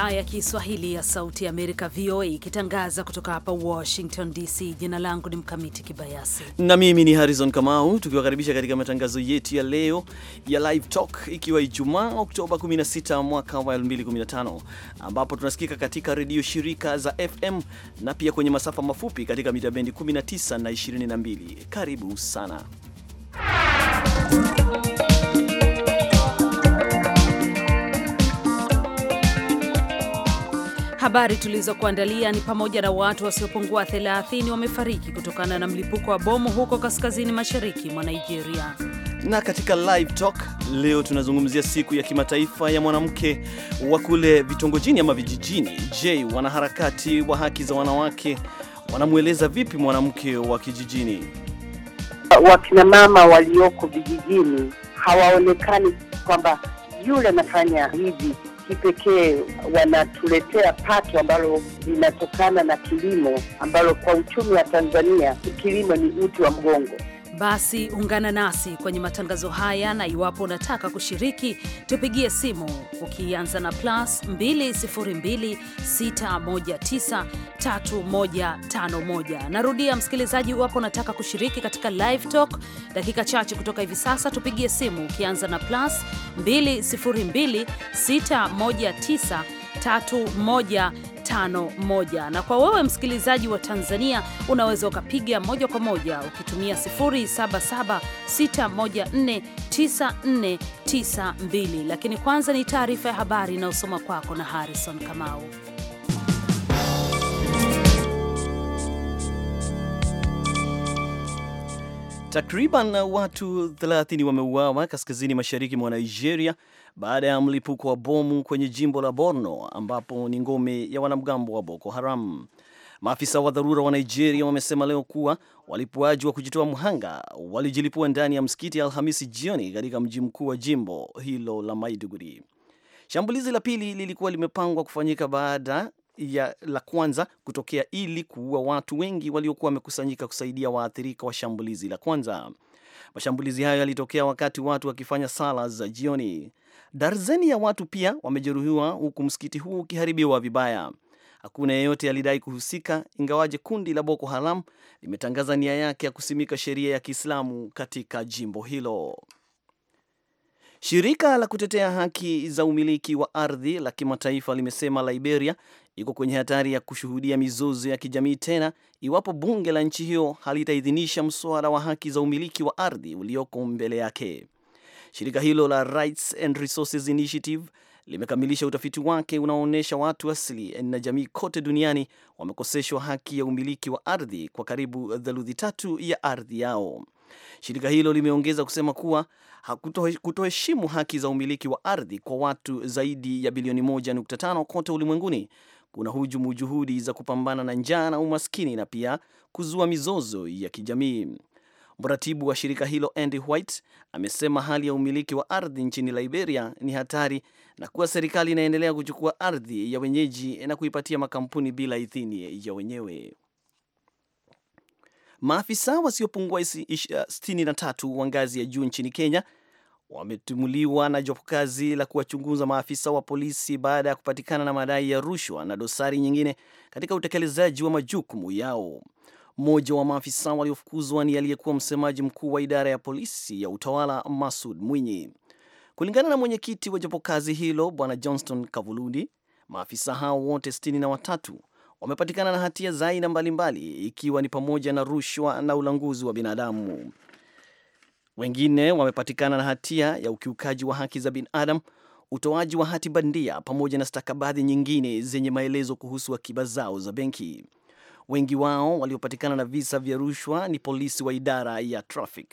Idhaa ya Kiswahili ya Sauti ya Amerika, VOA, ikitangaza kutoka hapa Washington DC. Jina langu ni Mkamiti Kibayasi na mimi ni Harrison Kamau, tukiwakaribisha katika matangazo yetu ya leo ya Live Talk, ikiwa Ijumaa Oktoba 16 mwaka wa 2015, ambapo tunasikika katika redio shirika za FM na pia kwenye masafa mafupi katika mita bendi 19 na 22. Karibu sana Habari tulizokuandalia ni pamoja na watu wasiopungua 30 wamefariki kutokana na mlipuko wa bomu huko kaskazini mashariki mwa Nigeria. Na katika live talk leo tunazungumzia siku ya kimataifa ya mwanamke wa kule vitongojini ama vijijini. Je, wanaharakati wa haki za wanawake wanamweleza vipi mwanamke wa kijijini? Wakinamama walioko vijijini hawaonekani kwamba yule anafanya hivi kipekee wanatuletea pato ambalo linatokana na kilimo ambalo kwa uchumi wa Tanzania kilimo ni uti wa mgongo. Basi ungana nasi kwenye matangazo haya, na iwapo unataka kushiriki, tupigie simu ukianza na plus 2026193151. Narudia msikilizaji, iwapo unataka kushiriki katika live talk dakika chache kutoka hivi sasa, tupigie simu ukianza na plus 20261931 1. Na kwa wewe msikilizaji wa Tanzania unaweza ukapiga moja kwa moja ukitumia 0776149492. Lakini kwanza ni taarifa ya habari inayosoma kwako na Harrison Kamau. Takriban watu 30 wameuawa kaskazini mashariki mwa Nigeria baada ya mlipuko wa bomu kwenye jimbo la Borno ambapo ni ngome ya wanamgambo wa Boko Haram. Maafisa wa dharura wa Nigeria wamesema leo kuwa walipuaji wa kujitoa mhanga walijilipua ndani ya msikiti Alhamisi jioni katika mji mkuu wa jimbo hilo la Maiduguri. Shambulizi la pili lilikuwa limepangwa kufanyika baada ya la kwanza kutokea ili kuua watu wengi waliokuwa wamekusanyika kusaidia waathirika wa shambulizi la kwanza. Mashambulizi hayo yalitokea wakati watu wakifanya sala za jioni. Darzeni ya watu pia wamejeruhiwa huku msikiti huu ukiharibiwa vibaya. Hakuna yeyote alidai kuhusika, ingawaje kundi la Boko Haram limetangaza nia yake ya kusimika sheria ya Kiislamu katika jimbo hilo. Shirika la kutetea haki za umiliki wa ardhi la kimataifa limesema Liberia iko kwenye hatari ya kushuhudia mizozo ya kijamii tena iwapo bunge la nchi hiyo halitaidhinisha mswada wa haki za umiliki wa ardhi ulioko mbele yake. Shirika hilo la Rights and Resources Initiative limekamilisha utafiti wake unaoonyesha watu asili na jamii kote duniani wamekoseshwa haki ya umiliki wa ardhi kwa karibu theluthi tatu ya ardhi yao. Shirika hilo limeongeza kusema kuwa kutoheshimu haki za umiliki wa ardhi kwa watu zaidi ya bilioni 1.5 kote ulimwenguni kuna hujumu juhudi za kupambana na njaa na umaskini na pia kuzua mizozo ya kijamii. Mratibu wa shirika hilo Andy White amesema hali ya umiliki wa ardhi nchini Liberia ni hatari na kuwa serikali inaendelea kuchukua ardhi ya wenyeji na kuipatia makampuni bila idhini ya wenyewe. Maafisa wasiopungua 63 wa ngazi ya juu nchini Kenya wametumuliwa na jopo kazi la kuwachunguza maafisa wa polisi baada ya kupatikana na madai ya rushwa na dosari nyingine katika utekelezaji wa majukumu yao. Mmoja wa maafisa waliofukuzwa ni aliyekuwa msemaji mkuu wa idara ya polisi ya utawala Masud Mwinyi. Kulingana na mwenyekiti wa jopo kazi hilo Bwana Johnston Kavuludi, maafisa hao wote sitini na watatu wamepatikana na hatia za aina mbalimbali, ikiwa ni pamoja na rushwa na ulanguzi wa binadamu. Wengine wamepatikana na hatia ya ukiukaji wa haki za binadamu, utoaji wa hati bandia, pamoja na stakabadhi nyingine zenye maelezo kuhusu akiba zao za benki. Wengi wao waliopatikana na visa vya rushwa ni polisi wa idara ya traffic.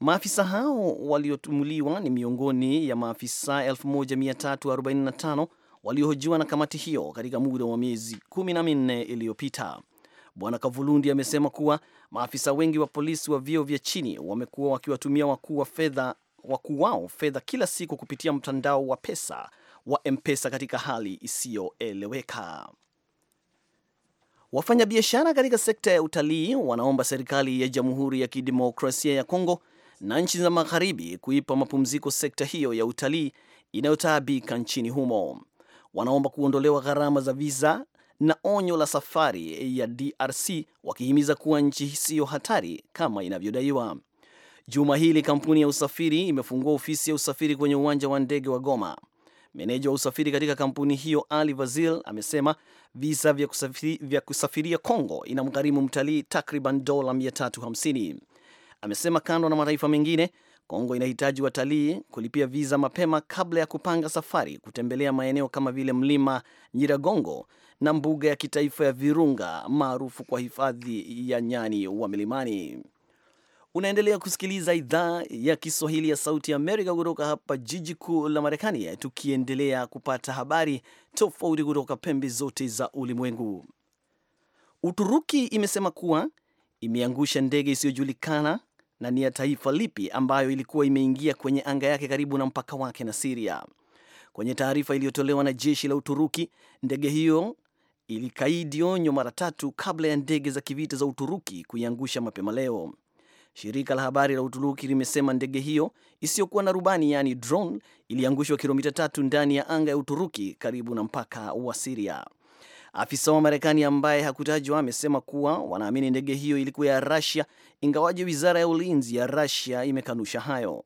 Maafisa hao waliotumuliwa ni miongoni ya maafisa 1345 waliohojiwa na kamati hiyo katika muda wa miezi 14 iliyopita. Bwana Kavulundi amesema kuwa maafisa wengi wa polisi wa vyeo vya chini wamekuwa wakiwatumia wakuu wa fedha wakuu wao fedha kila siku kupitia mtandao wa pesa wa M-Pesa katika hali isiyoeleweka. Wafanyabiashara katika sekta ya utalii wanaomba serikali ya Jamhuri ya Kidemokrasia ya Kongo na nchi za magharibi kuipa mapumziko sekta hiyo ya utalii inayotaabika nchini humo. Wanaomba kuondolewa gharama za visa na onyo la safari ya DRC wakihimiza kuwa nchi siyo hatari kama inavyodaiwa. Juma hili kampuni ya usafiri imefungua ofisi ya usafiri kwenye uwanja wa ndege wa Goma. Meneja wa usafiri katika kampuni hiyo Ali Vazil amesema visa vya kusafiria kongo Congo inamgharimu mtalii takriban dola 350. Amesema kando na mataifa mengine Kongo inahitaji watalii kulipia viza mapema kabla ya kupanga safari kutembelea maeneo kama vile mlima Nyiragongo na mbuga ya kitaifa ya Virunga maarufu kwa hifadhi ya nyani wa milimani. Unaendelea kusikiliza idhaa ya Kiswahili ya Sauti ya Amerika kutoka hapa jiji kuu la Marekani, tukiendelea kupata habari tofauti kutoka pembe zote za ulimwengu. Uturuki imesema kuwa imeangusha ndege isiyojulikana na ni ya taifa lipi ambayo ilikuwa imeingia kwenye anga yake karibu na mpaka wake na Siria. Kwenye taarifa iliyotolewa na jeshi la Uturuki, ndege hiyo ilikaidi onyo mara tatu kabla ya ndege za kivita za Uturuki kuiangusha mapema leo. Shirika la habari la Uturuki limesema ndege hiyo isiyokuwa na rubani yaani drone iliangushwa kilomita tatu ndani ya anga ya Uturuki karibu na mpaka wa Siria. Afisa wa Marekani ambaye hakutajwa amesema kuwa wanaamini ndege hiyo ilikuwa ya Russia, ingawaje wizara ya ulinzi ya rasia imekanusha hayo.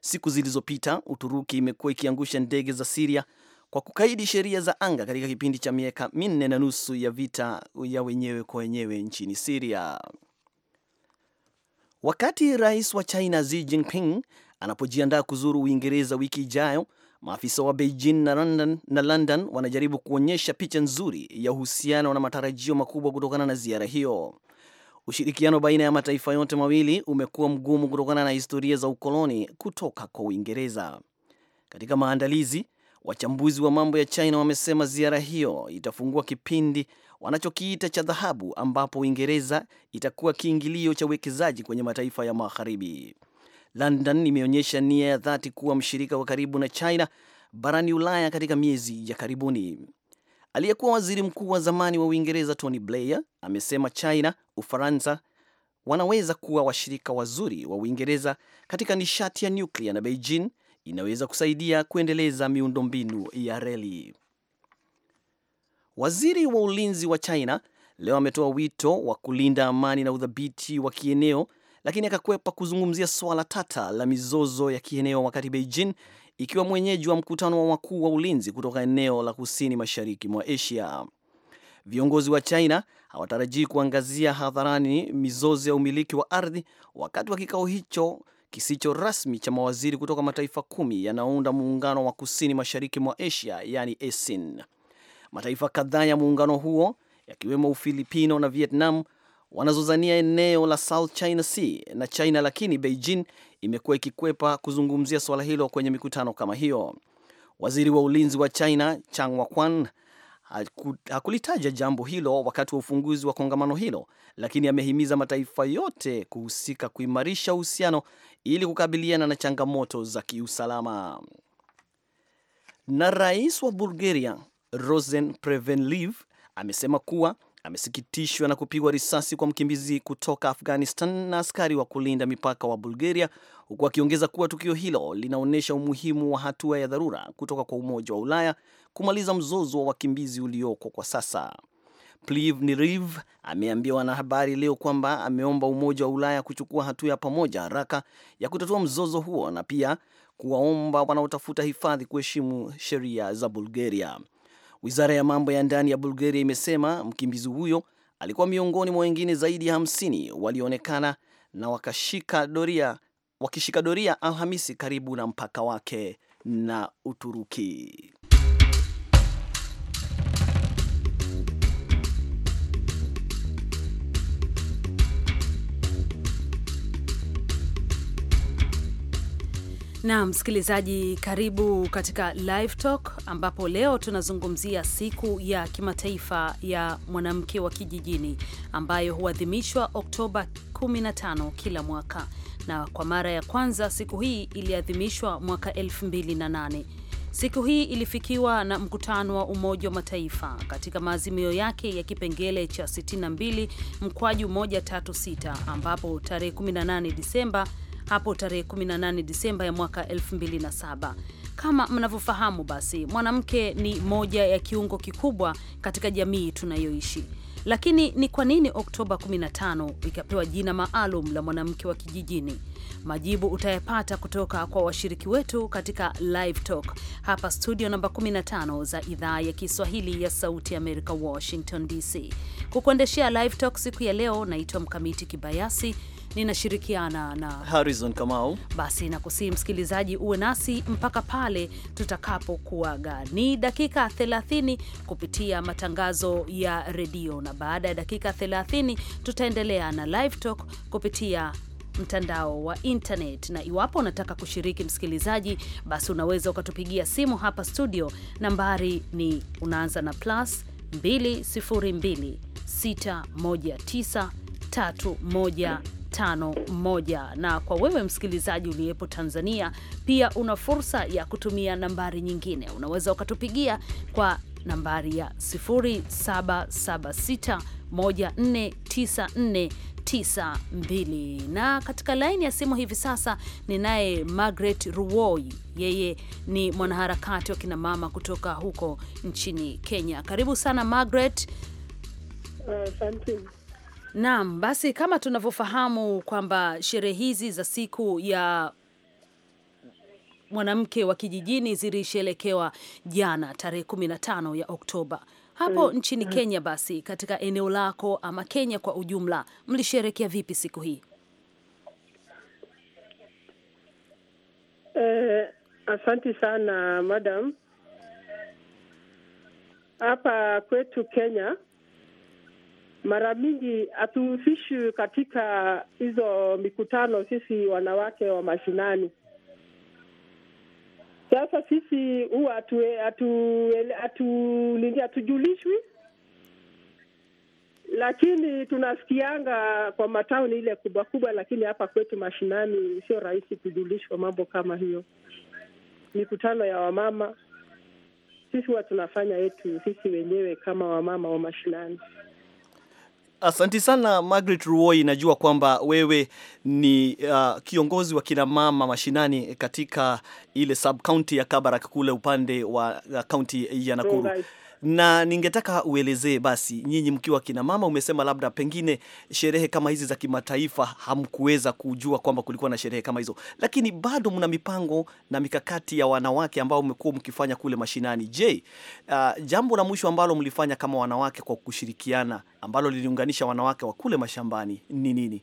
Siku zilizopita, Uturuki imekuwa ikiangusha ndege za Siria kwa kukaidi sheria za anga katika kipindi cha miaka minne na nusu ya vita ya wenyewe kwa wenyewe nchini Siria. Wakati rais wa China Xi Jinping anapojiandaa kuzuru Uingereza wiki ijayo, Maafisa wa Beijing na London, na London wanajaribu kuonyesha picha nzuri ya uhusiano na matarajio makubwa kutokana na ziara hiyo. Ushirikiano baina ya mataifa yote mawili umekuwa mgumu kutokana na historia za ukoloni kutoka kwa Uingereza. Katika maandalizi, wachambuzi wa mambo ya China wamesema ziara hiyo itafungua kipindi wanachokiita cha dhahabu ambapo Uingereza itakuwa kiingilio cha uwekezaji kwenye mataifa ya magharibi. London imeonyesha nia ya dhati kuwa mshirika wa karibu na China barani Ulaya katika miezi ya karibuni. Aliyekuwa waziri mkuu wa zamani wa Uingereza Tony Blair amesema China, Ufaransa wanaweza kuwa washirika wazuri wa Uingereza katika nishati ya nyuklia na Beijing inaweza kusaidia kuendeleza miundombinu ya reli. Waziri wa ulinzi wa China leo ametoa wito wa kulinda amani na udhabiti wa kieneo lakini akakwepa kuzungumzia swala tata la mizozo ya kieneo wakati Beijing ikiwa mwenyeji wa mkutano wa wakuu wa ulinzi kutoka eneo la kusini mashariki mwa Asia. Viongozi wa China hawatarajii kuangazia hadharani mizozo ya umiliki wa ardhi wakati wa kikao hicho kisicho rasmi cha mawaziri kutoka mataifa kumi yanayounda muungano wa kusini mashariki mwa Asia, yani ASEAN. Mataifa kadhaa ya muungano huo yakiwemo Ufilipino na Vietnam wanazozania eneo la South China Sea na China, lakini Beijing imekuwa ikikwepa kuzungumzia suala hilo kwenye mikutano kama hiyo. Waziri wa ulinzi wa China Chang Wakwan hakulitaja jambo hilo wakati wa ufunguzi wa kongamano hilo, lakini amehimiza mataifa yote kuhusika kuimarisha uhusiano ili kukabiliana na changamoto za kiusalama. Na rais wa Bulgaria Rosen Prevenliv amesema kuwa amesikitishwa na kupigwa risasi kwa mkimbizi kutoka Afghanistan na askari wa kulinda mipaka wa Bulgaria, huku akiongeza kuwa tukio hilo linaonyesha umuhimu wa hatua ya dharura kutoka kwa Umoja wa Ulaya kumaliza mzozo wa wakimbizi ulioko kwa sasa. Pliv Niriv ameambia wanahabari leo kwamba ameomba Umoja wa Ulaya kuchukua hatua ya pamoja haraka ya kutatua mzozo huo na pia kuwaomba wanaotafuta hifadhi kuheshimu sheria za Bulgaria. Wizara ya mambo ya ndani ya Bulgaria imesema mkimbizi huyo alikuwa miongoni mwa wengine zaidi ya 50 walioonekana na wakashika doria, wakishika doria Alhamisi karibu na mpaka wake na Uturuki. Na msikilizaji, karibu katika Live Talk ambapo leo tunazungumzia siku ya kimataifa ya mwanamke wa kijijini ambayo huadhimishwa Oktoba 15 kila mwaka, na kwa mara ya kwanza siku hii iliadhimishwa mwaka 2008. Siku hii ilifikiwa na mkutano wa Umoja wa Mataifa katika maazimio yake ya kipengele cha 62 mkwaju 136 ambapo tarehe 18 Disemba hapo tarehe 18 Disemba ya mwaka 2007. Kama mnavyofahamu, basi mwanamke ni moja ya kiungo kikubwa katika jamii tunayoishi. Lakini ni kwa nini Oktoba 15 ikapewa jina maalum la mwanamke wa kijijini? Majibu utayapata kutoka kwa washiriki wetu katika Live Talk hapa studio namba 15 za idhaa ya Kiswahili ya Sauti Amerika, Washington DC. Kukuendeshea Live Talk siku ya leo, naitwa Mkamiti Kibayasi ninashirikiana na Harrison Kamau. Basi nakusii msikilizaji, uwe nasi mpaka pale tutakapokuaga. Ni dakika 30 kupitia matangazo ya redio, na baada ya dakika 30 tutaendelea na live talk kupitia mtandao wa internet. Na iwapo unataka kushiriki msikilizaji, basi unaweza ukatupigia simu hapa studio. Nambari ni unaanza na plus 202 619 51. Na kwa wewe msikilizaji uliyepo Tanzania pia una fursa ya kutumia nambari nyingine, unaweza ukatupigia kwa nambari ya 0776149492. Na katika laini ya simu hivi sasa ninaye Margaret Ruoi, yeye ni mwanaharakati wa kinamama kutoka huko nchini Kenya. Karibu sana Margaret. Uh, Naam, basi kama tunavyofahamu kwamba sherehe hizi za siku ya mwanamke wa kijijini zilisherekewa jana tarehe 15 ya Oktoba hapo mm, nchini mm, Kenya. Basi katika eneo lako ama Kenya kwa ujumla, mlisherekea vipi siku hii? Eh, asante sana madam. Hapa kwetu Kenya mara mingi hatuhusishi katika hizo mikutano sisi wanawake wa mashinani. Sasa sisi huwa hatujulishwi, lakini tunasikianga kwa matauni ile kubwa kubwa, lakini hapa kwetu mashinani sio rahisi kujulishwa mambo kama hiyo. Mikutano ya wamama sisi huwa tunafanya yetu sisi wenyewe kama wamama wa mashinani. Asanti sana Margaret Ruoi, najua kwamba wewe ni uh, kiongozi wa kinamama mashinani katika ile sub county ya Kabarak kule upande wa kaunti uh, ya Nakuru. Right na ningetaka uelezee basi, nyinyi mkiwa kina mama, umesema labda pengine sherehe kama hizi za kimataifa hamkuweza kujua kwamba kulikuwa na sherehe kama hizo, lakini bado mna mipango na mikakati ya wanawake ambao mmekuwa mkifanya kule mashinani. Je, uh, jambo la mwisho ambalo mlifanya kama wanawake kwa kushirikiana ambalo liliunganisha wanawake wa kule mashambani ni nini?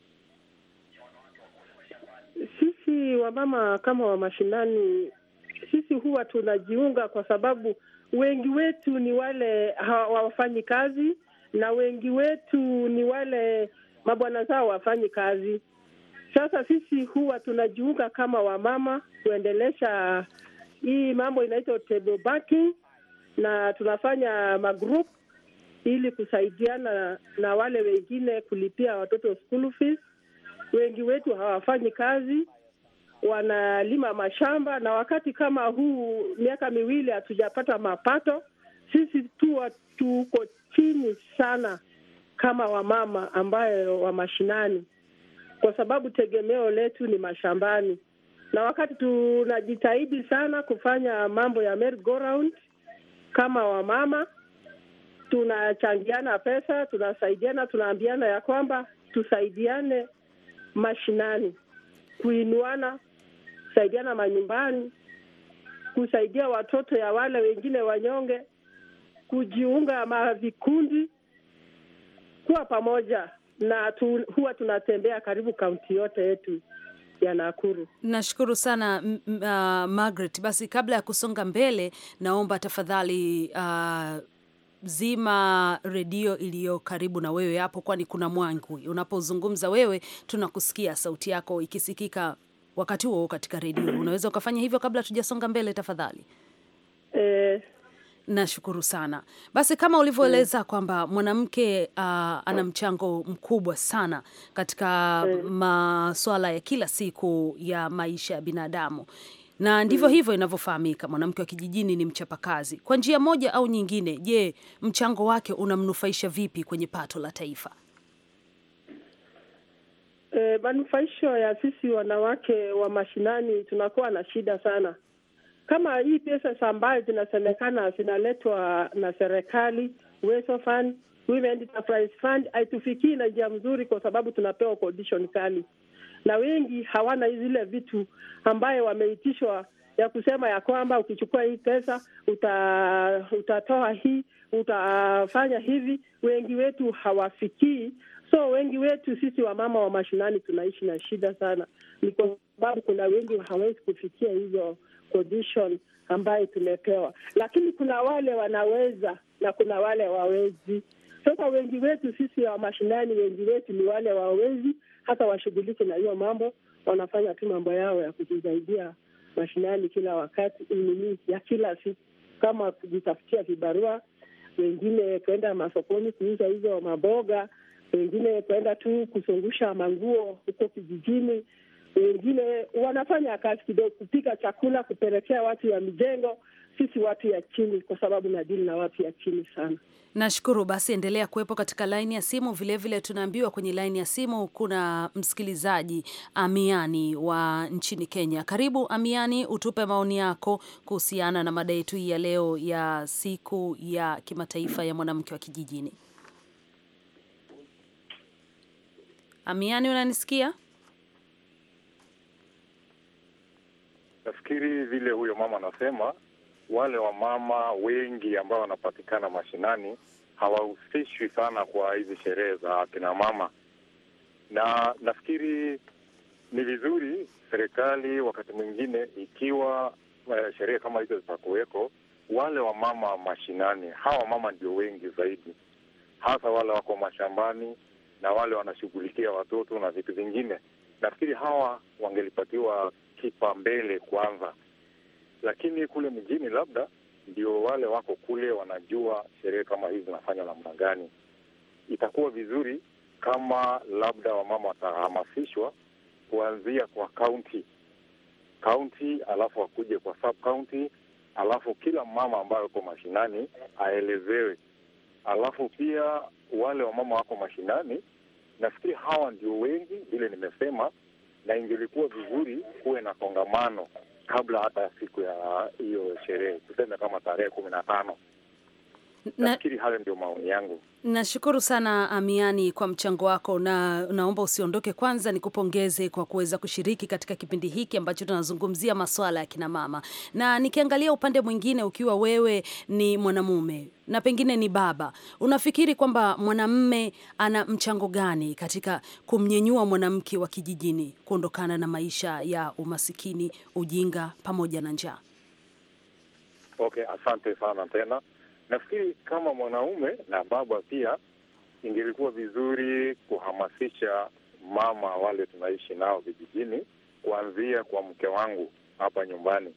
Sisi wamama kama wa mashinani, sisi huwa tunajiunga kwa sababu wengi wetu ni wale hawafanyi kazi na wengi wetu ni wale mabwana zao wafanyi kazi. Sasa sisi huwa tunajiunga kama wamama kuendelesha hii mambo inaitwa table banking, na tunafanya magroup ili kusaidiana na wale wengine kulipia watoto school fees. Wengi wetu hawafanyi kazi wanalima mashamba, na wakati kama huu, miaka miwili hatujapata mapato. Sisi tu tuko chini sana kama wamama ambayo wa mashinani, kwa sababu tegemeo letu ni mashambani, na wakati tunajitahidi sana kufanya mambo ya merry go round kama wamama tunachangiana pesa, tunasaidiana, tunaambiana ya kwamba tusaidiane mashinani kuinuana kusaidiana manyumbani, kusaidia watoto ya wale wengine wanyonge, kujiunga ma vikundi, kuwa pamoja na tu, huwa tunatembea karibu kaunti yote yetu ya Nakuru. Nashukuru sana uh, Margaret. Basi kabla ya kusonga mbele, naomba tafadhali uh, zima redio iliyo karibu na wewe hapo, kwani kuna mwangwi unapozungumza wewe, tunakusikia sauti yako ikisikika wakati huo katika redio. Mm-hmm. Unaweza ukafanya hivyo kabla tujasonga mbele, tafadhali E, Nashukuru sana. Basi kama ulivyoeleza mm. kwamba mwanamke uh, ana mchango mkubwa sana katika mm. masuala ya kila siku ya maisha ya binadamu na ndivyo mm. hivyo inavyofahamika. Mwanamke wa kijijini ni mchapakazi kwa njia moja au nyingine. Je, mchango wake unamnufaisha vipi kwenye pato la taifa? E, manufaisho ya sisi wanawake wa mashinani tunakuwa na shida sana. Kama hii pesa ambayo zinasemekana zinaletwa na serikali, Uwezo Fund, Women Enterprise Fund haitufikii na njia mzuri, kwa sababu tunapewa condition kali, na wengi hawana zile vitu ambayo wameitishwa ya kusema ya kwamba ukichukua hii pesa uta, utatoa hii utafanya hivi. Wengi wetu hawafikii So wengi wetu sisi wamama wa mashinani tunaishi na shida sana, ni kwa sababu kuna wengi hawezi kufikia hizo condition ambayo tumepewa, lakini kuna wale wanaweza na kuna wale wawezi. Sasa wengi wetu sisi wa mashinani, wengi wetu ni wale wawezi, hata washughulike na hiyo mambo, wanafanya tu mambo yao ya kujisaidia mashinani kila wakati, nini ya kila siku, kama kujitafutia vibarua, wengine kuenda masokoni kuuza hizo maboga wengine kwenda tu kuzungusha manguo huko kijijini, wengine wanafanya kazi kidogo, kupika chakula, kupelekea watu ya mijengo, sisi watu ya chini, kwa sababu na dili na watu ya chini sana. Nashukuru. Basi endelea kuwepo katika laini ya simu. Vilevile tunaambiwa kwenye laini ya simu kuna msikilizaji Amiani wa nchini Kenya. Karibu Amiani, utupe maoni yako kuhusiana na mada yetu hii ya leo ya siku ya kimataifa ya mwanamke wa kijijini. Amiani, unanisikia? Nafikiri vile huyo mama anasema, wale wamama wengi ambao wanapatikana mashinani hawahusishwi sana kwa hizi sherehe za akina mama, na nafikiri ni vizuri serikali wakati mwingine, ikiwa uh, sherehe kama hizo zitakuweko, wale wamama mashinani, hawa mama ndio wengi zaidi, hasa wale wako mashambani na wale wanashughulikia watoto na vitu vingine. Nafikiri hawa wangelipatiwa kipaumbele kwanza, lakini kule mjini labda ndio wale wako kule wanajua sherehe kama hizi zinafanywa namna gani. Itakuwa vizuri kama labda wamama watahamasishwa kuanzia kwa kaunti kaunti, alafu akuje kwa sub kaunti, alafu kila mama ambayo uko mashinani aelezewe, alafu pia wale wamama wako mashinani, nafikiri hawa ndio wengi, vile nimesema, na ingelikuwa vizuri kuwe na kongamano kabla hata siku ya hiyo sherehe, tuseme kama tarehe kumi na tano Nafikiri hayo ndio maoni yangu. Nashukuru sana Amiani kwa mchango wako, na naomba usiondoke. Kwanza nikupongeze kwa kuweza kushiriki katika kipindi hiki ambacho tunazungumzia masuala ya kina mama, na nikiangalia upande mwingine, ukiwa wewe ni mwanamume na pengine ni baba, unafikiri kwamba mwanamme ana mchango gani katika kumnyenyua mwanamke wa kijijini kuondokana na maisha ya umasikini, ujinga pamoja na njaa? Okay, asante sana tena Nafikiri kama mwanaume na baba pia, ingelikuwa vizuri kuhamasisha mama wale tunaishi nao vijijini, kuanzia kwa mke wangu hapa nyumbani,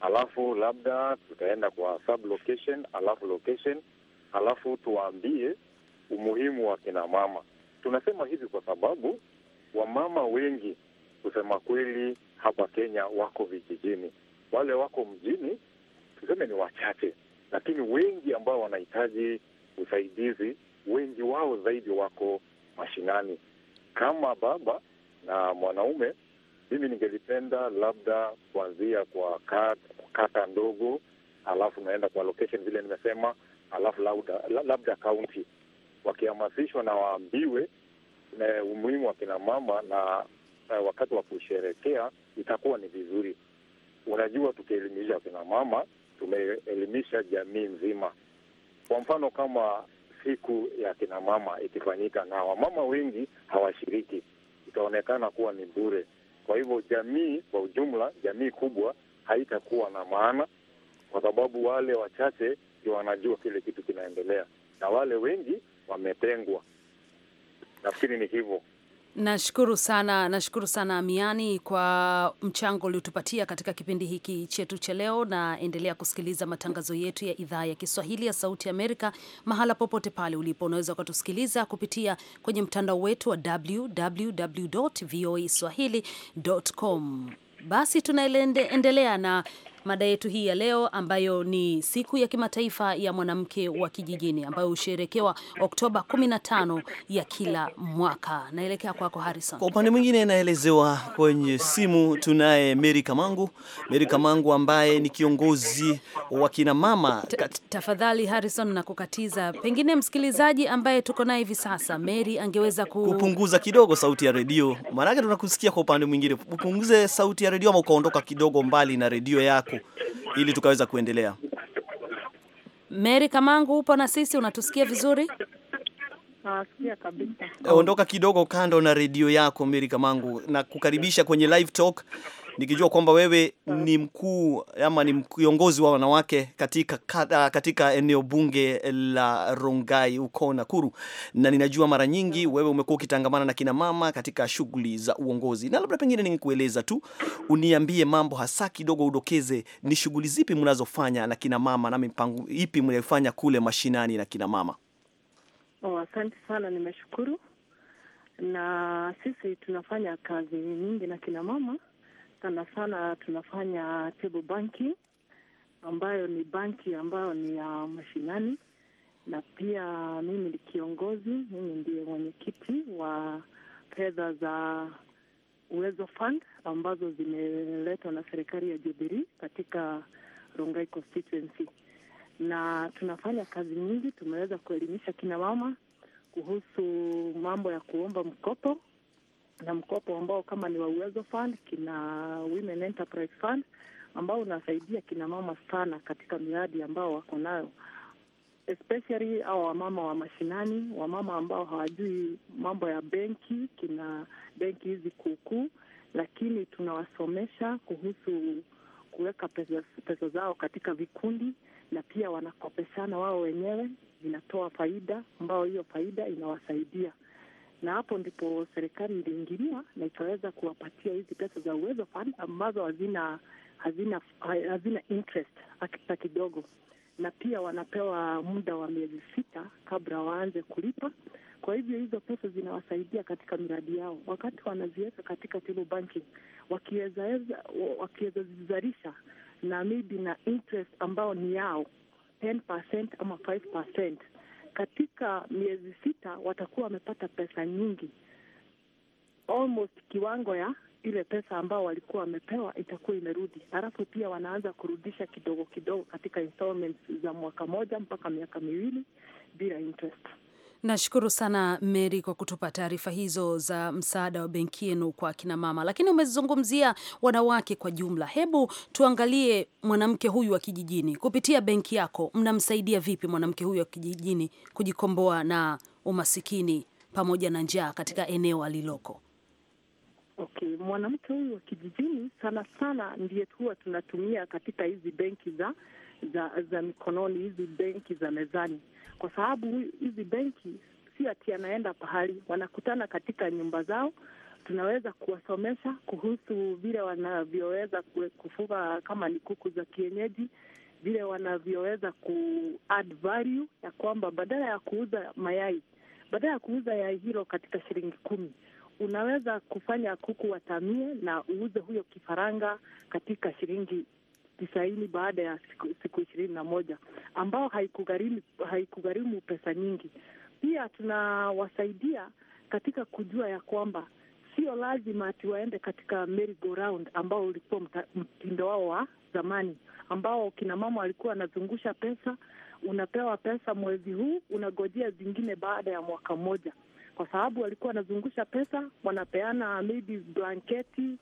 alafu labda tutaenda kwa sub location, alafu location, alafu tuwaambie umuhimu wa kina mama. Tunasema hivi kwa sababu wamama wengi kusema kweli hapa Kenya wako vijijini, wale wako mjini tuseme ni wachache, lakini wengi ambao wanahitaji usaidizi, wengi wao zaidi wako mashinani. Kama baba na mwanaume, mimi ningelipenda labda kuanzia kwa kata, ndogo, alafu naenda kwa location vile nimesema, alafu labda, labda kaunti, wakihamasishwa na waambiwe eh, umuhimu wa kina mama na eh, wakati wa kusherekea itakuwa ni vizuri. Unajua, tukielimisha kina mama tumeelimisha jamii nzima. Kwa mfano kama siku ya kina mama ikifanyika na wamama wengi hawashiriki, itaonekana kuwa ni bure. Kwa hivyo jamii kwa ujumla, jamii kubwa haitakuwa na maana, kwa sababu wale wachache ndio wanajua kile kitu kinaendelea na wale wengi wametengwa. Nafikiri ni hivyo. Nashukuru sana, nashukuru sana Amiani kwa mchango uliotupatia katika kipindi hiki chetu cha leo, na endelea kusikiliza matangazo yetu ya idhaa ya Kiswahili ya Sauti Amerika. Mahala popote pale ulipo, unaweza ukatusikiliza kupitia kwenye mtandao wetu wa www voa swahili.com. Basi tunaendelea na mada yetu hii ya leo ambayo ni siku ya kimataifa ya mwanamke wa kijijini ambayo husherekewa Oktoba 15 ya kila mwaka. Naelekea kwako Harrison. Kwa upande mwingine, naelezewa kwenye simu tunaye Mary Kamangu. Mary Kamangu ambaye ni kiongozi wa kina mama. Tafadhali Harrison, nakukatiza, pengine msikilizaji ambaye tuko naye hivi sasa, Mary angeweza ku... kupunguza kidogo sauti ya redio, maanake tunakusikia kwa upande mwingine. Upunguze sauti ya redio ama ukaondoka kidogo mbali na redio yako wako ili tukaweza kuendelea. Mary Kamangu, upo na sisi, unatusikia vizuri? Nasikia kabisa. Ondoka kidogo kando na redio yako Mary Kamangu, na kukaribisha kwenye live talk nikijua kwamba wewe ni mkuu ama ni kiongozi wa wanawake katika, katika eneo bunge la Rongai huko Nakuru, na ninajua mara nyingi wewe umekuwa ukitangamana na kina mama katika shughuli za uongozi, na labda pengine ningekueleza tu uniambie mambo hasa kidogo, udokeze ni shughuli zipi mnazofanya na kina mama na mipango ipi mnayofanya kule mashinani na kina mama. Oh, asante sana, nimeshukuru. Na sisi tunafanya kazi nyingi na kina mama sana sana tunafanya table banking ambayo ni banki ambayo ni ya uh, mashinani, na pia mimi ni kiongozi, mimi ndiye mwenyekiti wa fedha za Uwezo Fund ambazo zimeletwa na serikali ya jubiri katika Rongai constituency, na tunafanya kazi nyingi. Tumeweza kuelimisha kina mama kuhusu mambo ya kuomba mkopo na mkopo ambao kama ni wa Uwezo Fund, kina Women Enterprise Fund ambao unasaidia kina mama sana katika miradi ambao wako nayo especially au wamama wa mashinani, wamama ambao hawajui mambo ya benki, kina benki hizi kuukuu, lakini tunawasomesha kuhusu kuweka pesa, pesa zao katika vikundi na pia wanakopeshana wao wenyewe, inatoa faida ambao hiyo faida inawasaidia na hapo ndipo serikali iliingilia na ikaweza kuwapatia hizi pesa za uwezo fund ambazo hazina hazina hazina interest hata kidogo, na pia wanapewa muda wa miezi sita kabla waanze kulipa. Kwa hivyo hizo pesa zinawasaidia katika miradi yao, wakati wanaziweka katika table banking, wakiweza zizalisha na maybe na interest ambao ni yao 10% ama 5% katika miezi sita watakuwa wamepata pesa nyingi, almost kiwango ya ile pesa ambao walikuwa wamepewa itakuwa imerudi. Halafu pia wanaanza kurudisha kidogo kidogo katika installments za mwaka moja mpaka miaka miwili bila interest. Nashukuru sana Mary kwa kutupa taarifa hizo za msaada wa benki yenu kwa kina mama, lakini umezungumzia wanawake kwa jumla. Hebu tuangalie mwanamke huyu wa kijijini, kupitia benki yako mnamsaidia vipi mwanamke huyu wa kijijini kujikomboa na umasikini pamoja na njaa katika eneo aliloko? Okay, mwanamke huyu wa kijijini sana sana ndiye huwa tunatumia katika hizi benki za za, za mikononi, hizi benki za mezani, kwa sababu hizi benki si ati anaenda pahali, wanakutana katika nyumba zao. Tunaweza kuwasomesha kuhusu vile wanavyoweza kufuga kama ni kuku za kienyeji, vile wanavyoweza ku add value ya kwamba badala ya kuuza mayai, badala ya kuuza yai hilo katika shilingi kumi unaweza kufanya kuku watamie na uuze huyo kifaranga katika shilingi tisaini baada ya siku ishirini na moja ambao haikugharimu haikugharimu pesa nyingi. Pia tunawasaidia katika kujua ya kwamba sio lazima ati waende katika merry go round ambao ulikuwa mtindo wao wa zamani, ambao kina mama walikuwa wanazungusha pesa, unapewa pesa mwezi huu, unagojea zingine baada ya mwaka mmoja, kwa sababu walikuwa wanazungusha pesa, wanapeana maybe blanketi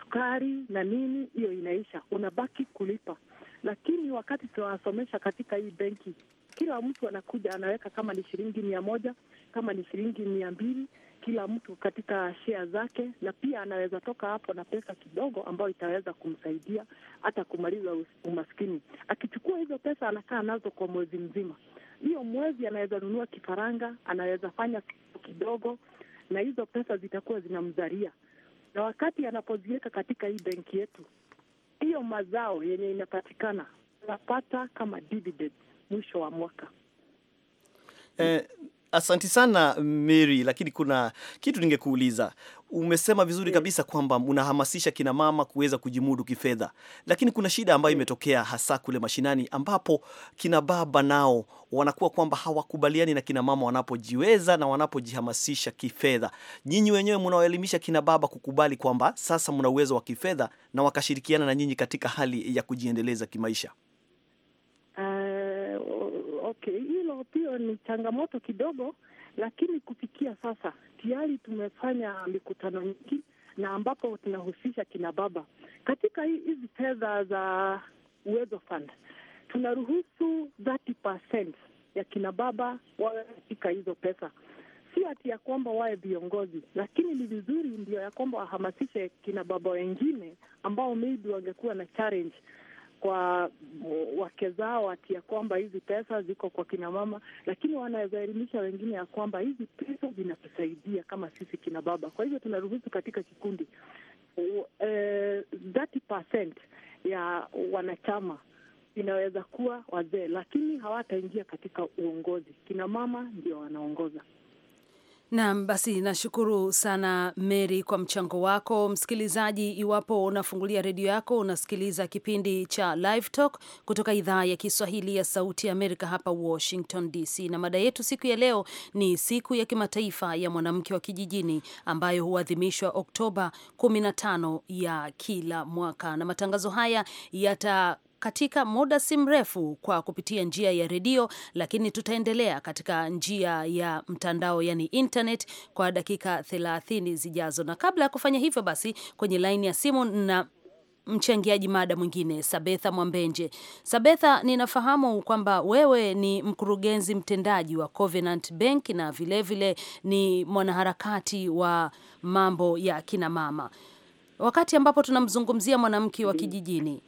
sukari na nini, hiyo inaisha, unabaki kulipa. Lakini wakati tunawasomesha katika hii benki, kila mtu anakuja anaweka kama ni shilingi mia moja kama ni shilingi mia mbili kila mtu katika shea zake, na pia anaweza toka hapo na pesa kidogo ambayo itaweza kumsaidia hata kumaliza umaskini. Akichukua hizo pesa, anakaa nazo kwa mwezi mzima. Hiyo mwezi anaweza nunua kifaranga, anaweza fanya kidogo, na hizo pesa zitakuwa zinamzaria na wakati anapoziweka katika hii benki yetu, hiyo mazao yenye inapatikana anapata kama dividend mwisho wa mwaka eh. Asanti sana Mary, lakini kuna kitu ningekuuliza. Umesema vizuri kabisa kwamba unahamasisha kina mama kuweza kujimudu kifedha, lakini kuna shida ambayo imetokea hasa kule mashinani, ambapo kina baba nao wanakuwa kwamba hawakubaliani na kina mama wanapojiweza na wanapojihamasisha kifedha. Nyinyi wenyewe mnaoelimisha kina baba kukubali kwamba sasa mna uwezo wa kifedha na wakashirikiana na nyinyi katika hali ya kujiendeleza kimaisha. hiyo pia ni changamoto kidogo, lakini kufikia sasa tayari tumefanya mikutano mingi na ambapo tunahusisha kina baba katika hizi fedha za Uwezo Fund. Tunaruhusu 30% ya kina baba wawe katika hizo pesa, si hati ya kwamba wawe viongozi, lakini ni vizuri ndio ya kwamba wahamasishe kina baba wengine ambao maybe wangekuwa na challenge kwa wake zao ati ya kwamba hizi pesa ziko kwa kina mama, lakini wanaweza elimisha wengine ya kwamba hizi pesa zinatusaidia kama sisi kina baba. Kwa hivyo tunaruhusu katika kikundi uh, eh, 30% ya wanachama inaweza kuwa wazee, lakini hawataingia katika uongozi. Kina mama ndio wanaongoza. Naam, basi nashukuru sana Mary kwa mchango wako. Msikilizaji, iwapo unafungulia redio yako unasikiliza kipindi cha Live Talk kutoka idhaa ya Kiswahili ya Sauti ya Amerika hapa Washington DC, na mada yetu siku ya leo ni siku ya kimataifa ya mwanamke wa kijijini ambayo huadhimishwa Oktoba 15 ya kila mwaka, na matangazo haya yata katika muda si mrefu kwa kupitia njia ya redio, lakini tutaendelea katika njia ya mtandao, yani internet, kwa dakika thelathini zijazo. Na kabla ya kufanya hivyo, basi kwenye laini ya simu na mchangiaji mada mwingine Sabetha Mwambenje. Sabetha, ninafahamu kwamba wewe ni mkurugenzi mtendaji wa Covenant Bank na vilevile vile ni mwanaharakati wa mambo ya kinamama. Wakati ambapo tunamzungumzia mwanamke wa kijijini,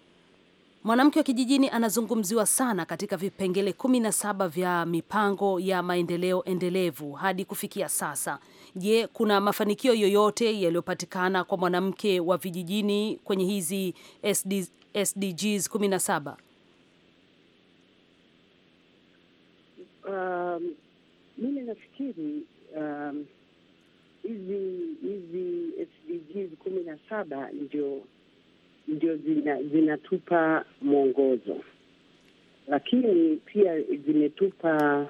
Mwanamke wa kijijini anazungumziwa sana katika vipengele 17 vya mipango ya maendeleo endelevu hadi kufikia sasa. Je, kuna mafanikio yoyote yaliyopatikana kwa mwanamke wa vijijini kwenye hizi SD, SDGs 17? Um, mimi nafikiri um, hizi hizi SDGs 17 ndio ndio zina, zinatupa mwongozo, lakini pia zimetupa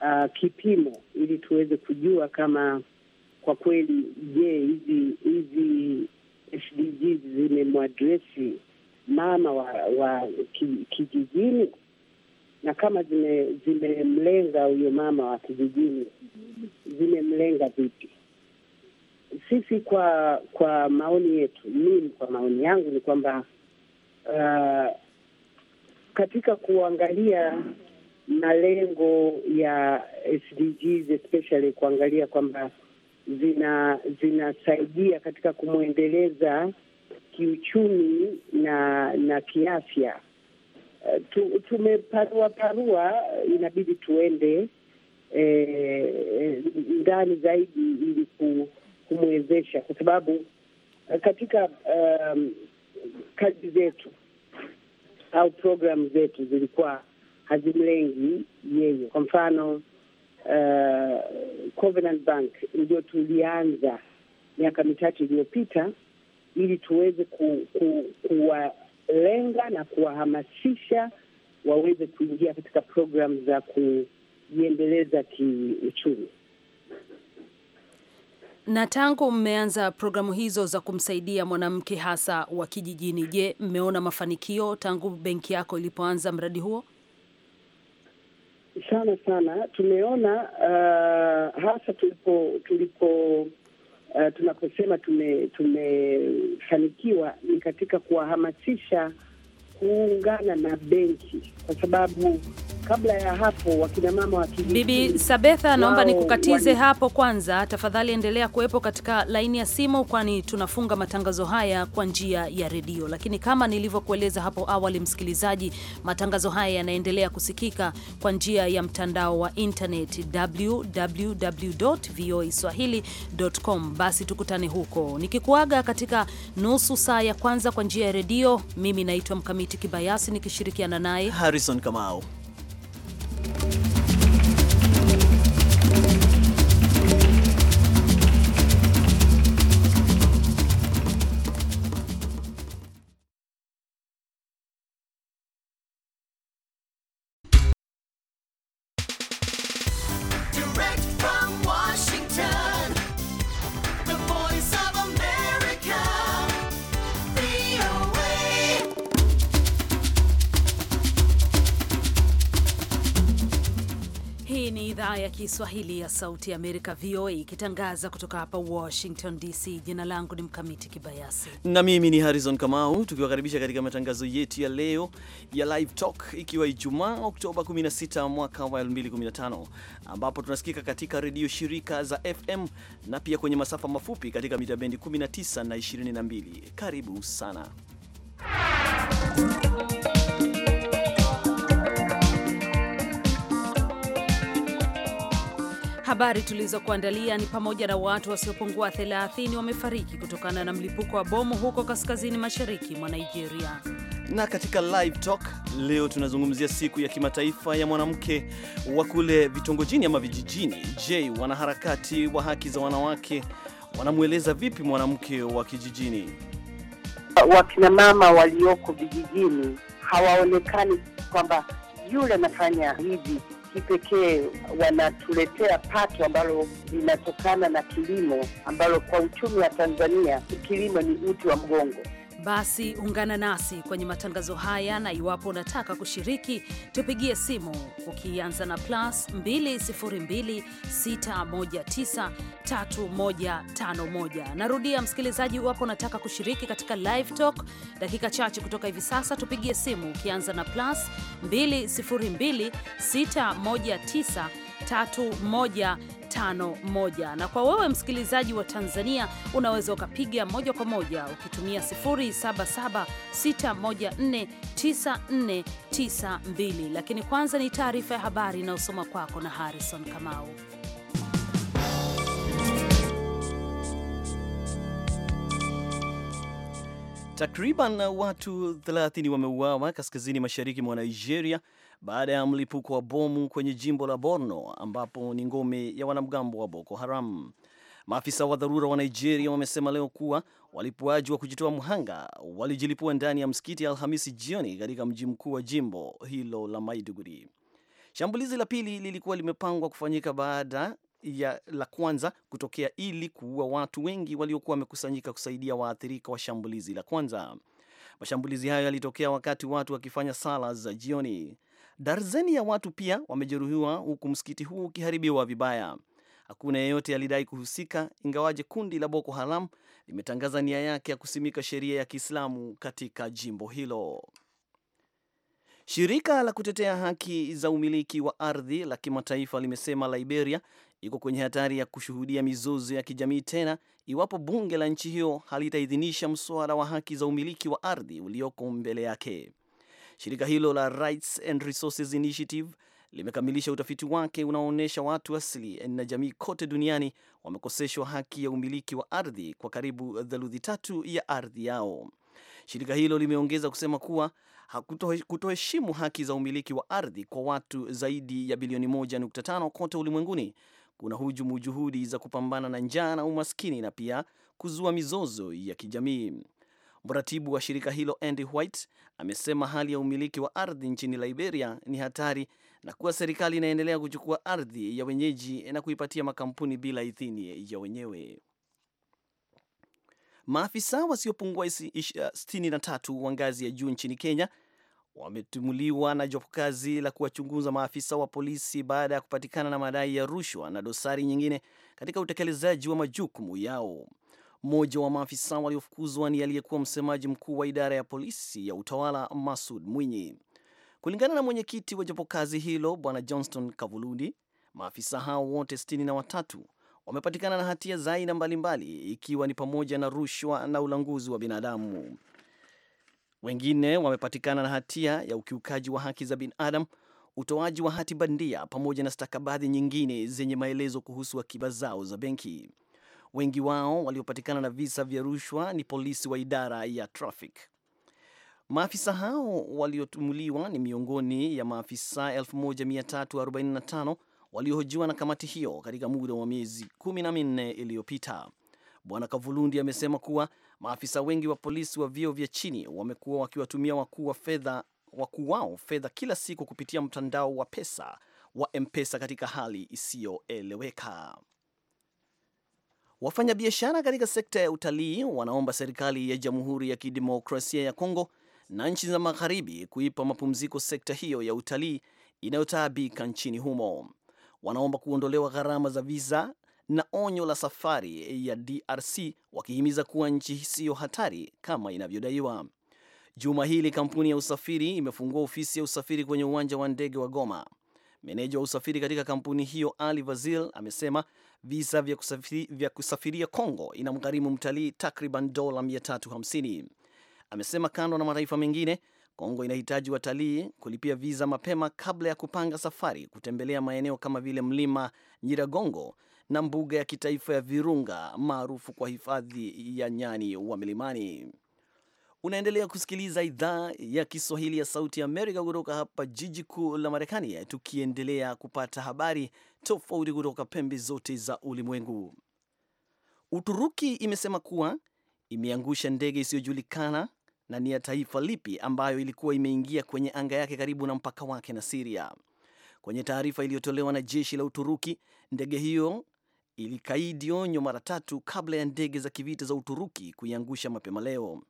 uh, kipimo ili tuweze kujua kama kwa kweli, je, hizi hizi SDGs zimemwadresi mama wa, wa ki, kijijini na kama zimemlenga zime huyo mama wa kijijini zimemlenga vipi? sisi kwa kwa maoni yetu, mimi kwa maoni yangu ni kwamba uh, katika kuangalia malengo ya SDGs especially kuangalia kwamba zina zinasaidia katika kumwendeleza kiuchumi na na kiafya. Uh, tu, tumeparua parua, inabidi tuende eh, eh, ndani zaidi ili ku kumwezesha, kwa sababu eh, katika um, kazi zetu au programu zetu zilikuwa hazimlengi yeye. Kwa mfano uh, Covenant Bank ndio tulianza miaka mitatu iliyopita ili tuweze ku, ku, kuwalenga na kuwahamasisha waweze kuingia katika programu za kujiendeleza kiuchumi. Na tangu mmeanza programu hizo za kumsaidia mwanamke hasa wa kijijini, je, mmeona mafanikio tangu benki yako ilipoanza mradi huo? Sana sana tumeona uh, hasa tulipo tulipo uh, tunaposema tume- tumefanikiwa ni katika kuwahamasisha kuungana na benki, kwa sababu kabla ya hapo wakinamama wa Bibi Sabetha, naomba nikukatize wani... hapo kwanza. Tafadhali endelea kuwepo katika laini ya simu, kwani tunafunga matangazo haya kwa njia ya redio. Lakini kama nilivyokueleza hapo awali, msikilizaji, matangazo haya yanaendelea kusikika kwa njia ya mtandao wa internet www.voaswahili.com. Basi tukutane huko, nikikuaga katika nusu saa ya kwanza kwa njia ya redio. Mimi naitwa Mkamiti Mkamiti Kibayasi nikishirikiana naye Harrison Kamau. ni idhaa ya Kiswahili ya Sauti ya Amerika, VOA, ikitangaza kutoka hapa Washington DC. Jina langu ni Mkamiti Kibayasi na mimi ni Harrison Kamau, tukiwakaribisha katika matangazo yetu ya leo ya Live Talk, ikiwa Ijumaa Oktoba 16 mwaka wa 2015, ambapo tunasikika katika redio shirika za FM na pia kwenye masafa mafupi katika mita bendi 19 na 22. Karibu sana Habari tulizokuandalia ni pamoja na watu wasiopungua 30 wamefariki kutokana na mlipuko wa bomu huko kaskazini mashariki mwa Nigeria. Na katika live talk leo tunazungumzia siku ya kimataifa ya mwanamke wa kule vitongojini ama vijijini. Je, wanaharakati wa haki za wanawake wanamweleza vipi mwanamke wa kijijini? Wakinamama walioko vijijini hawaonekani kwamba yule anafanya hivi kipekee wanatuletea pato ambalo linatokana na kilimo ambalo kwa uchumi wa Tanzania kilimo ni uti wa mgongo. Basi ungana nasi kwenye matangazo haya, na iwapo unataka kushiriki, tupigie simu ukianza na plus 2026193151. Narudia msikilizaji, iwapo unataka kushiriki katika live talk dakika chache kutoka hivi sasa, tupigie simu ukianza na plus 202619 3151. Na kwa wewe msikilizaji wa Tanzania unaweza ukapiga moja kwa moja ukitumia 0776149492. Lakini kwanza ni taarifa ya habari inayosoma kwako na Harrison Kamau. Takriban watu 30 wameuawa kaskazini mashariki mwa Nigeria baada ya mlipuko wa bomu kwenye jimbo la Borno ambapo ni ngome ya wanamgambo wa Boko Haram. Maafisa wa dharura wa Nigeria wamesema leo kuwa walipuaji wa kujitoa mhanga walijilipua ndani ya msikiti Alhamisi jioni katika mji mkuu wa jimbo hilo la Maiduguri. Shambulizi la pili lilikuwa limepangwa kufanyika baada ya la kwanza kutokea ili kuua watu wengi waliokuwa wamekusanyika kusaidia waathirika wa shambulizi la kwanza. Mashambulizi hayo yalitokea wakati watu wakifanya sala za jioni. Darzeni ya watu pia wamejeruhiwa huku msikiti huu ukiharibiwa vibaya. Hakuna yeyote alidai kuhusika, ingawaje kundi la Boko Haram limetangaza nia yake ya kusimika sheria ya Kiislamu katika jimbo hilo. Shirika la kutetea haki za umiliki wa ardhi la kimataifa limesema Liberia iko kwenye hatari ya kushuhudia mizozo ya kijamii tena iwapo bunge la nchi hiyo halitaidhinisha mswada wa haki za umiliki wa ardhi ulioko mbele yake. Shirika hilo la Rights and Resources Initiative limekamilisha utafiti wake unaoonyesha watu asili na jamii kote duniani wamekoseshwa haki ya umiliki wa ardhi kwa karibu theluthi tatu ya ardhi yao. Shirika hilo limeongeza kusema kuwa kutoheshimu haki za umiliki wa ardhi kwa watu zaidi ya bilioni 1.5 kote ulimwenguni kuna hujumu juhudi za kupambana na njaa na umaskini na pia kuzua mizozo ya kijamii. Mratibu wa shirika hilo Andy White amesema hali ya umiliki wa ardhi nchini Liberia ni hatari na kuwa serikali inaendelea kuchukua ardhi ya wenyeji na kuipatia makampuni bila idhini ya wenyewe. Maafisa wasiopungua 63 eh, wa ngazi ya juu nchini Kenya wametumuliwa na jopo kazi la kuwachunguza maafisa wa polisi baada ya kupatikana na madai ya rushwa na dosari nyingine katika utekelezaji wa majukumu yao. Mmoja wa maafisa waliofukuzwa ni aliyekuwa msemaji mkuu wa idara ya polisi ya utawala Masud Mwinyi. Kulingana na mwenyekiti wa jopo kazi hilo Bwana Johnston Kavuludi, maafisa hao wote sitini na watatu wamepatikana na hatia za aina mbalimbali ikiwa ni pamoja na rushwa na ulanguzi wa binadamu. Wengine wamepatikana na hatia ya ukiukaji wa haki za binadamu, utoaji wa hati bandia pamoja na stakabadhi nyingine zenye maelezo kuhusu akiba zao za benki. Wengi wao waliopatikana na visa vya rushwa ni polisi wa idara ya trafic. Maafisa hao waliotumuliwa ni miongoni ya maafisa 1345 waliohojiwa na kamati hiyo katika muda wa miezi 14 iliyopita. Bwana Kavulundi amesema kuwa maafisa wengi wa polisi wa vyeo vya chini wamekuwa wakiwatumia wakuu wa fedha wakuu wao fedha kila siku kupitia mtandao wa pesa wa M-Pesa katika hali isiyoeleweka. Wafanyabiashara katika sekta ya utalii wanaomba serikali ya Jamhuri ya Kidemokrasia ya Kongo na nchi za magharibi kuipa mapumziko sekta hiyo ya utalii inayotaabika nchini humo. Wanaomba kuondolewa gharama za visa na onyo la safari ya DRC, wakihimiza kuwa nchi siyo hatari kama inavyodaiwa. Juma hili kampuni ya usafiri imefungua ofisi ya usafiri kwenye uwanja wa ndege wa Goma. Meneja wa usafiri katika kampuni hiyo Ali Vazil amesema visa vya, kusafiri, vya kusafiria Congo inamgharimu mtalii takriban dola 350. Amesema kando na mataifa mengine, Kongo inahitaji watalii kulipia visa mapema kabla ya kupanga safari kutembelea maeneo kama vile mlima Nyiragongo na mbuga ya kitaifa ya Virunga maarufu kwa hifadhi ya nyani wa milimani. Unaendelea kusikiliza idhaa ya Kiswahili ya Sauti ya Amerika kutoka hapa jiji kuu la Marekani, tukiendelea kupata habari tofauti kutoka pembe zote za ulimwengu. Uturuki imesema kuwa imeangusha ndege isiyojulikana na ni ya taifa lipi ambayo ilikuwa imeingia kwenye anga yake karibu na mpaka wake na Siria. Kwenye taarifa iliyotolewa na jeshi la Uturuki, ndege hiyo ilikaidi onyo mara tatu kabla ya ndege za kivita za Uturuki kuiangusha mapema leo.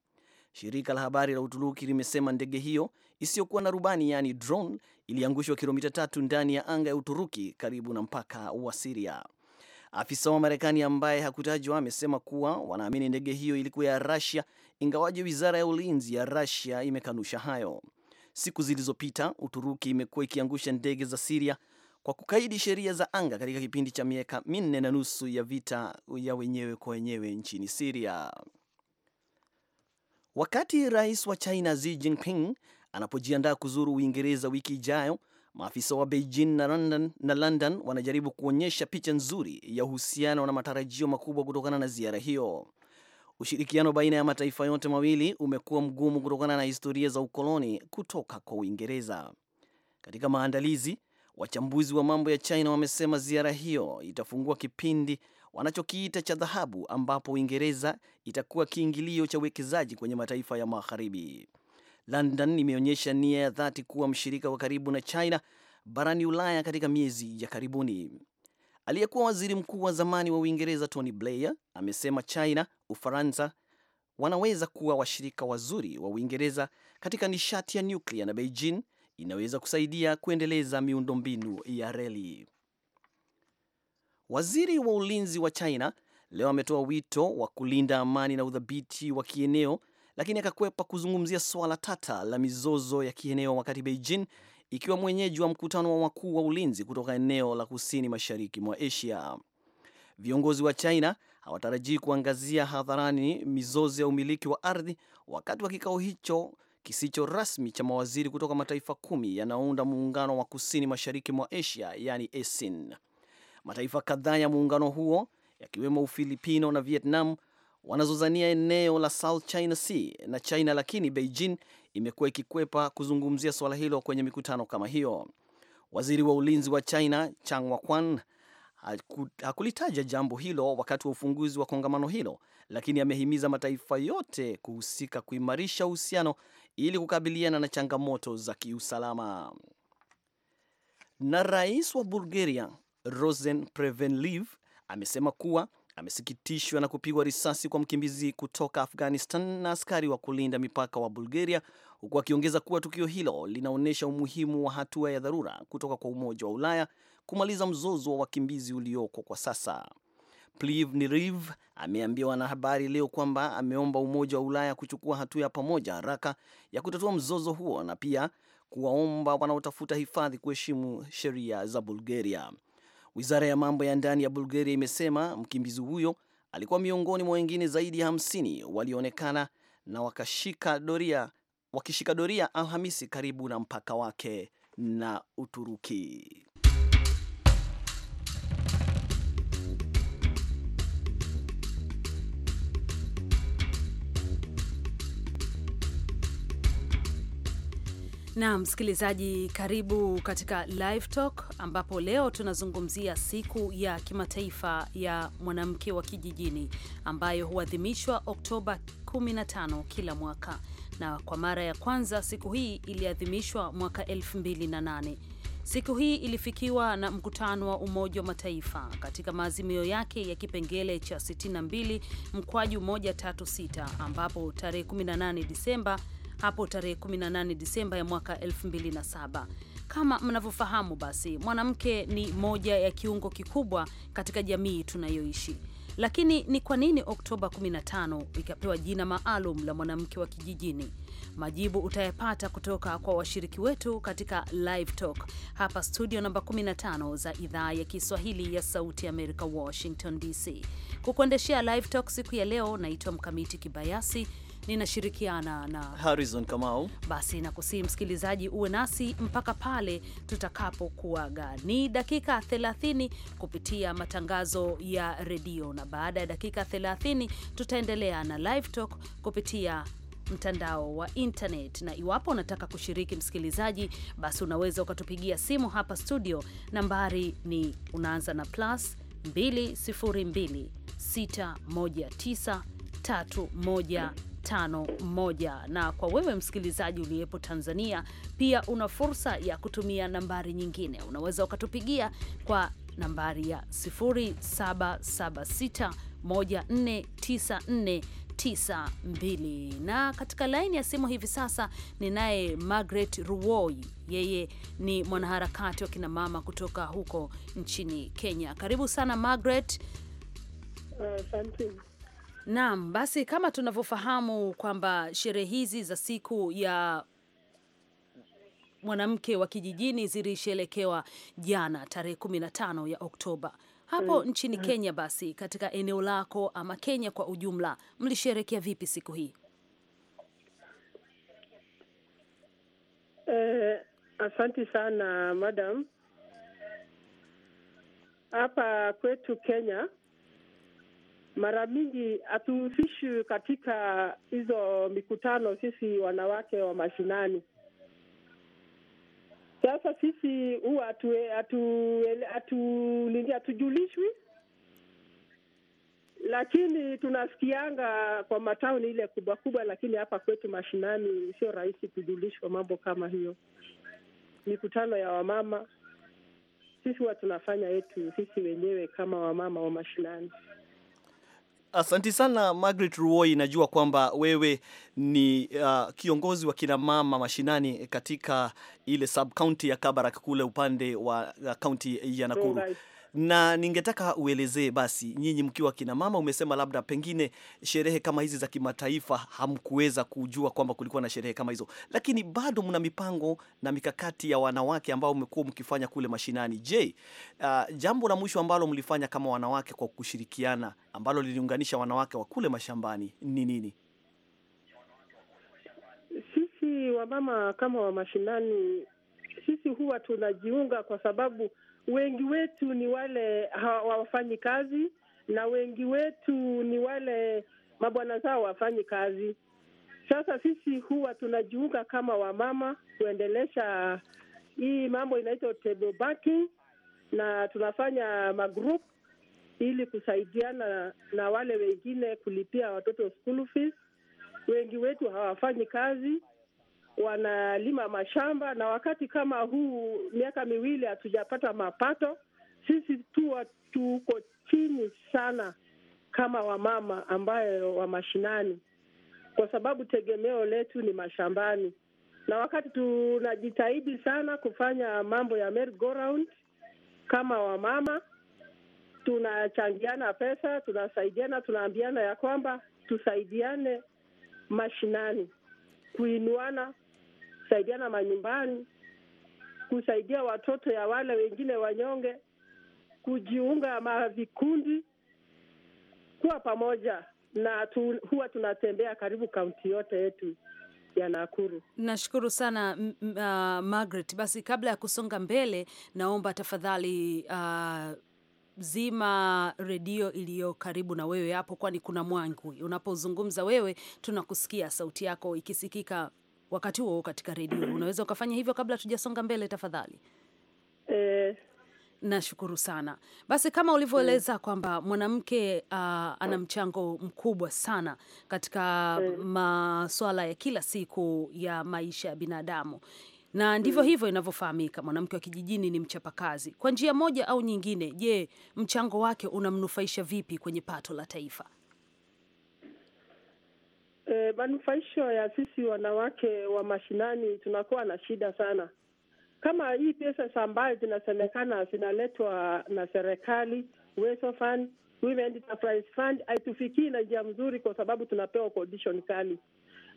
Shirika la habari la Uturuki limesema ndege hiyo isiyokuwa na rubani yaani drone iliangushwa kilomita tatu ndani ya anga ya Uturuki karibu na mpaka wa Siria. Afisa wa Marekani ambaye hakutajwa amesema kuwa wanaamini ndege hiyo ilikuwa ya Russia, ingawaje wizara ya ulinzi ya Russia imekanusha hayo. Siku zilizopita, Uturuki imekuwa ikiangusha ndege za Siria kwa kukaidi sheria za anga katika kipindi cha miaka minne na nusu ya vita ya wenyewe kwa wenyewe nchini Siria. Wakati rais wa China Xi Jinping anapojiandaa kuzuru Uingereza wiki ijayo, maafisa wa Beijing na London, na London wanajaribu kuonyesha picha nzuri ya uhusiano na matarajio makubwa kutokana na ziara hiyo. Ushirikiano baina ya mataifa yote mawili umekuwa mgumu kutokana na historia za ukoloni kutoka kwa Uingereza. Katika maandalizi, wachambuzi wa mambo ya China wamesema ziara hiyo itafungua kipindi wanachokiita cha dhahabu, ambapo Uingereza itakuwa kiingilio cha uwekezaji kwenye mataifa ya magharibi. London imeonyesha nia ya dhati kuwa mshirika wa karibu na China barani Ulaya katika miezi ya karibuni. Aliyekuwa waziri mkuu wa zamani wa Uingereza Tony Blair amesema China, Ufaransa wanaweza kuwa washirika wazuri wa Uingereza katika nishati ya nyuklia na Beijing inaweza kusaidia kuendeleza miundombinu ya reli. Waziri wa ulinzi wa China leo ametoa wito wa kulinda amani na udhabiti wa kieneo, lakini akakwepa kuzungumzia swala tata la mizozo ya kieneo, wakati Beijing ikiwa mwenyeji wa mkutano wa wakuu wa ulinzi kutoka eneo la kusini mashariki mwa Asia. Viongozi wa China hawatarajii kuangazia hadharani mizozo ya umiliki wa ardhi wakati wa kikao hicho kisicho rasmi cha mawaziri kutoka mataifa kumi yanaounda muungano wa kusini mashariki mwa Asia, yani ASEAN. Mataifa kadhaa ya muungano huo yakiwemo Ufilipino na Vietnam wanazozania eneo la South China Sea na China, lakini Beijing imekuwa ikikwepa kuzungumzia suala hilo kwenye mikutano kama hiyo. Waziri wa ulinzi wa China Chang Wakwan hakulitaja jambo hilo wakati wa ufunguzi wa kongamano hilo, lakini amehimiza mataifa yote kuhusika kuimarisha uhusiano ili kukabiliana na changamoto za kiusalama. Na rais wa Bulgaria Rosen Prevenleave amesema kuwa amesikitishwa na kupigwa risasi kwa mkimbizi kutoka Afghanistan na askari wa kulinda mipaka wa Bulgaria, huku akiongeza kuwa tukio hilo linaonyesha umuhimu wa hatua ya dharura kutoka kwa Umoja wa Ulaya kumaliza mzozo wa wakimbizi ulioko kwa sasa. Pliv Nirev ameambia wanahabari leo kwamba ameomba Umoja wa Ulaya kuchukua hatua ya pamoja haraka ya kutatua mzozo huo na pia kuwaomba wanaotafuta hifadhi kuheshimu sheria za Bulgaria. Wizara ya mambo ya ndani ya Bulgaria imesema mkimbizi huyo alikuwa miongoni mwa wengine zaidi ya 50 walioonekana na wakashika doria, wakishika doria Alhamisi karibu na mpaka wake na Uturuki. Na msikilizaji, karibu katika Live Talk ambapo leo tunazungumzia siku ya kimataifa ya mwanamke wa kijijini ambayo huadhimishwa Oktoba 15 kila mwaka, na kwa mara ya kwanza siku hii iliadhimishwa mwaka 2008. Siku hii ilifikiwa na mkutano wa Umoja wa Mataifa katika maazimio yake ya kipengele cha 62 mkwaju 136 ambapo tarehe 18 Disemba hapo tarehe 18 Disemba ya mwaka 2007. Kama mnavyofahamu, basi mwanamke ni moja ya kiungo kikubwa katika jamii tunayoishi. Lakini ni kwa nini Oktoba 15 ikapewa jina maalum la mwanamke wa kijijini? Majibu utayapata kutoka kwa washiriki wetu katika Live Talk hapa studio namba 15 za idhaa ya Kiswahili ya Sauti Amerika, Washington DC. Kukuendeshea Live Talk siku ya leo, naitwa Mkamiti Kibayasi ninashirikiana na Harrison Kamau. Basi nakusii msikilizaji, uwe nasi mpaka pale tutakapokuaga. Ni dakika 30 kupitia matangazo ya redio, na baada ya dakika 30 tutaendelea na live talk kupitia mtandao wa internet. Na iwapo unataka kushiriki msikilizaji, basi unaweza ukatupigia simu hapa studio. Nambari ni unaanza na plus 202 619 51. Na kwa wewe msikilizaji uliyepo Tanzania pia una fursa ya kutumia nambari nyingine, unaweza ukatupigia kwa nambari ya 0776149492 na katika laini ya simu hivi sasa ninaye Margaret Ruoi, yeye ni mwanaharakati wa kinamama kutoka huko nchini Kenya. Karibu sana Margaret. Uh, Naam, basi kama tunavyofahamu kwamba sherehe hizi za siku ya mwanamke wa kijijini zilisherekewa jana tarehe 15 ya Oktoba hapo mm, nchini mm, Kenya. Basi katika eneo lako ama Kenya kwa ujumla, mlisherekea vipi siku hii? Eh, asante sana madam. Hapa kwetu Kenya mara mingi hatuhusishi katika hizo mikutano sisi wanawake wa mashinani. Sasa sisi huwa hatu hatujulishwi, lakini tunasikianga kwa matauni ile kubwa kubwa, lakini hapa kwetu mashinani sio rahisi kujulishwa mambo kama hiyo. Mikutano ya wamama sisi huwa tunafanya yetu sisi wenyewe kama wamama wa mashinani. Asanti sana Margaret Ruoi, najua kwamba wewe ni uh, kiongozi wa kinamama mashinani katika ile sub county ya Kabarak kule upande wa kaunti uh, ya Nakuru. Right na ningetaka uelezee basi, nyinyi mkiwa kina mama, umesema labda pengine sherehe kama hizi za kimataifa hamkuweza kujua kwamba kulikuwa na sherehe kama hizo, lakini bado mna mipango na mikakati ya wanawake ambao mmekuwa mkifanya kule mashinani. Je, uh, jambo la mwisho ambalo mlifanya kama wanawake kwa kushirikiana ambalo liliunganisha wanawake wa kule mashambani ni nini? Sisi wamama kama wa mashinani, sisi huwa tunajiunga kwa sababu wengi wetu ni wale hawafanyi kazi na wengi wetu ni wale mabwana zao wafanyi kazi. Sasa sisi huwa tunajiunga kama wamama kuendelesha hii mambo inaitwa table banking, na tunafanya magroup ili kusaidiana na wale wengine kulipia watoto school fees. Wengi wetu hawafanyi kazi wanalima mashamba, na wakati kama huu, miaka miwili hatujapata mapato. Sisi tu tuko chini sana kama wamama ambayo wa mashinani, kwa sababu tegemeo letu ni mashambani, na wakati tunajitahidi sana kufanya mambo ya merry go round kama wamama tunachangiana pesa, tunasaidiana, tunaambiana ya kwamba tusaidiane mashinani kuinuana kusaidiana manyumbani, kusaidia watoto ya wale wengine wanyonge, kujiunga ma vikundi, kuwa pamoja na tu, huwa tunatembea karibu kaunti yote yetu ya Nakuru. Nashukuru sana uh, Margaret. Basi kabla ya kusonga mbele, naomba tafadhali uh, zima redio iliyo karibu na wewe hapo, kwani kuna mwangwi. Unapozungumza wewe, tunakusikia sauti yako ikisikika wakati huo katika redio. Mm-hmm. Unaweza ukafanya hivyo kabla hatujasonga mbele, tafadhali eh. Nashukuru sana. Basi kama ulivyoeleza mm. kwamba mwanamke uh, ana mchango mkubwa sana katika eh. masuala ya kila siku ya maisha ya binadamu, na ndivyo mm. hivyo inavyofahamika. Mwanamke wa kijijini ni mchapakazi kwa njia moja au nyingine. Je, mchango wake unamnufaisha vipi kwenye pato la taifa? E, manufaisho ya sisi wanawake wa mashinani tunakuwa na shida sana. Kama hii pesa ambayo zinasemekana zinaletwa na serikali, Uwezo Fund, Women Enterprise Fund haitufikii na njia mzuri, kwa sababu tunapewa condition kali,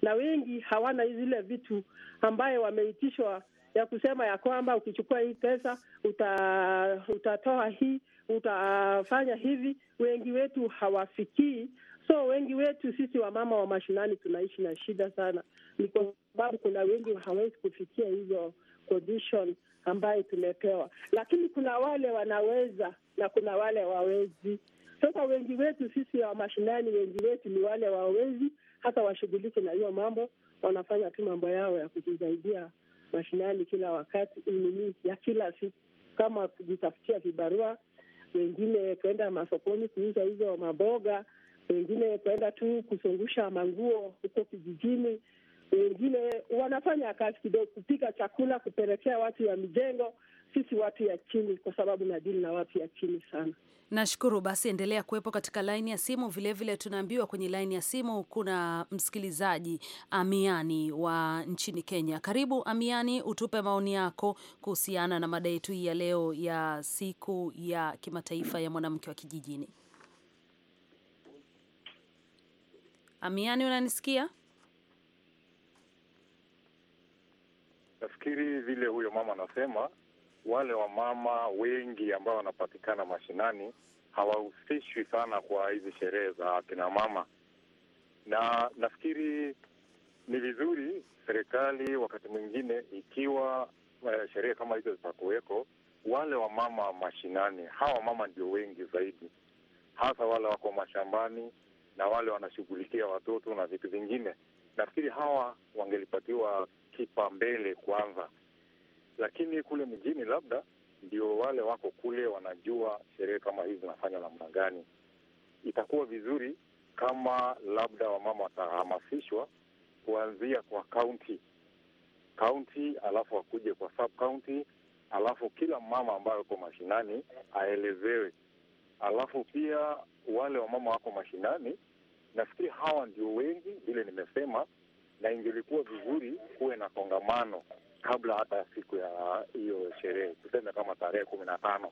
na wengi hawana zile vitu ambayo wameitishwa ya kusema ya kwamba ukichukua hii pesa uta, utatoa hii utafanya hivi. Wengi wetu hawafikii So wengi wetu sisi wamama wa mashinani tunaishi na shida sana, ni kwa sababu kuna wengi hawezi kufikia hizo condition ambayo tumepewa, lakini kuna wale wanaweza na kuna wale wawezi. Sasa wengi wetu sisi wa mashinani, wengi wetu ni wale wawezi, hata washughulike na hiyo mambo, wanafanya tu mambo yao ya kujisaidia mashinani kila wakati, nini ya kila siku, kama kujitafutia vibarua, wengine kuenda masokoni kuuza hizo maboga wengine kwenda tu kusungusha manguo huko kijijini, wengine wanafanya kazi kidogo, kupika chakula, kupelekea watu ya mijengo, sisi watu ya chini, kwa sababu nadili na watu ya chini sana. Nashukuru. Basi endelea kuwepo katika laini ya simu. Vilevile tunaambiwa kwenye laini ya simu kuna msikilizaji Amiani wa nchini Kenya. Karibu Amiani, utupe maoni yako kuhusiana na mada yetu hii ya leo ya siku ya kimataifa ya mwanamke wa kijijini. Amiani, unanisikia? Nafikiri vile huyo mama anasema, wale wamama wengi ambao wanapatikana mashinani hawahusishwi sana kwa hizi sherehe za akina mama, na nafikiri ni vizuri serikali wakati mwingine, ikiwa uh, sherehe kama hizo zitakuweko, wale wamama mashinani, hawa mama ndio wengi zaidi, hasa wale wako mashambani na wale wanashughulikia watoto na vitu vingine. Nafikiri hawa wangelipatiwa kipambele kwanza, lakini kule mjini labda ndio wale wako kule wanajua sherehe kama hizi zinafanywa namna gani. Itakuwa vizuri kama labda wamama watahamasishwa kuanzia kwa kaunti kaunti, alafu akuje kwa sub alafu kila mama ambayo uko mashinani aelezewe, alafu pia wale wamama wako mashinani Nafikiri hawa ndio wengi vile nimesema, na ingelikuwa vizuri kuwe na kongamano kabla hata ya siku ya hiyo sherehe, tuseme kama tarehe kumi na tano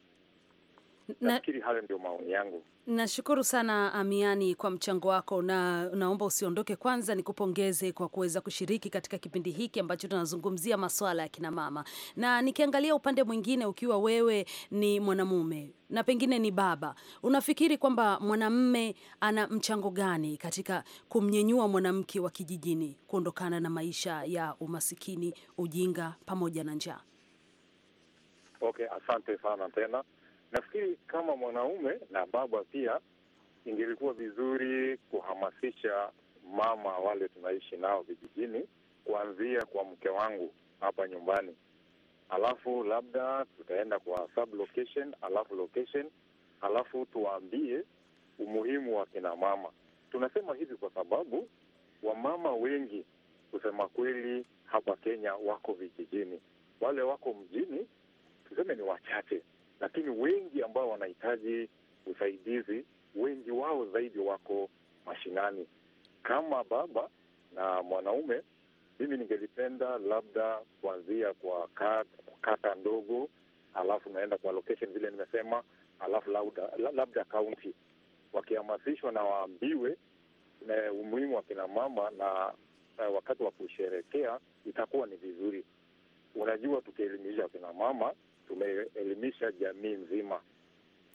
Nafikiri hayo ndio maoni yangu. Nashukuru sana Amiani kwa mchango wako, na naomba usiondoke. Kwanza nikupongeze kwa kuweza kushiriki katika kipindi hiki ambacho tunazungumzia maswala ya kina mama, na nikiangalia upande mwingine, ukiwa wewe ni mwanamume na pengine ni baba, unafikiri kwamba mwanamme ana mchango gani katika kumnyenyua mwanamke wa kijijini kuondokana na maisha ya umasikini, ujinga pamoja na njaa? Okay, asante sana tena Nafikiri kama mwanaume na baba pia, ingelikuwa vizuri kuhamasisha mama wale tunaishi nao vijijini, kuanzia kwa mke wangu hapa nyumbani, alafu labda tutaenda kwa sub location, alafu location, alafu tuwaambie umuhimu wa kina mama. Tunasema hivi kwa sababu wamama wengi kusema kweli hapa Kenya wako vijijini, wale wako mjini tuseme ni wachache lakini wengi ambao wanahitaji usaidizi, wengi wao zaidi wako mashinani. Kama baba na mwanaume, mimi ningelipenda labda kuanzia kwa kata, kata ndogo, alafu naenda kwa location vile nimesema, alafu labda kaunti, wakihamasishwa na waambiwe eh, umuhimu wa kina mama na eh, wakati wa kusherekea itakuwa ni vizuri. Unajua, tukielimisha kina mama tumeelimisha jamii nzima.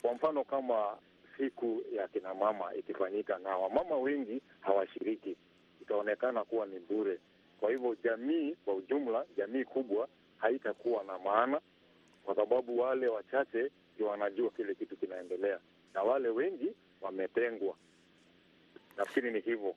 Kwa mfano kama siku ya kinamama ikifanyika na wamama wengi hawashiriki, itaonekana kuwa ni bure. Kwa hivyo jamii kwa ujumla, jamii kubwa haitakuwa na maana, kwa sababu wale wachache ndio wanajua kile kitu kinaendelea na wale wengi wametengwa. Nafikiri ni hivyo.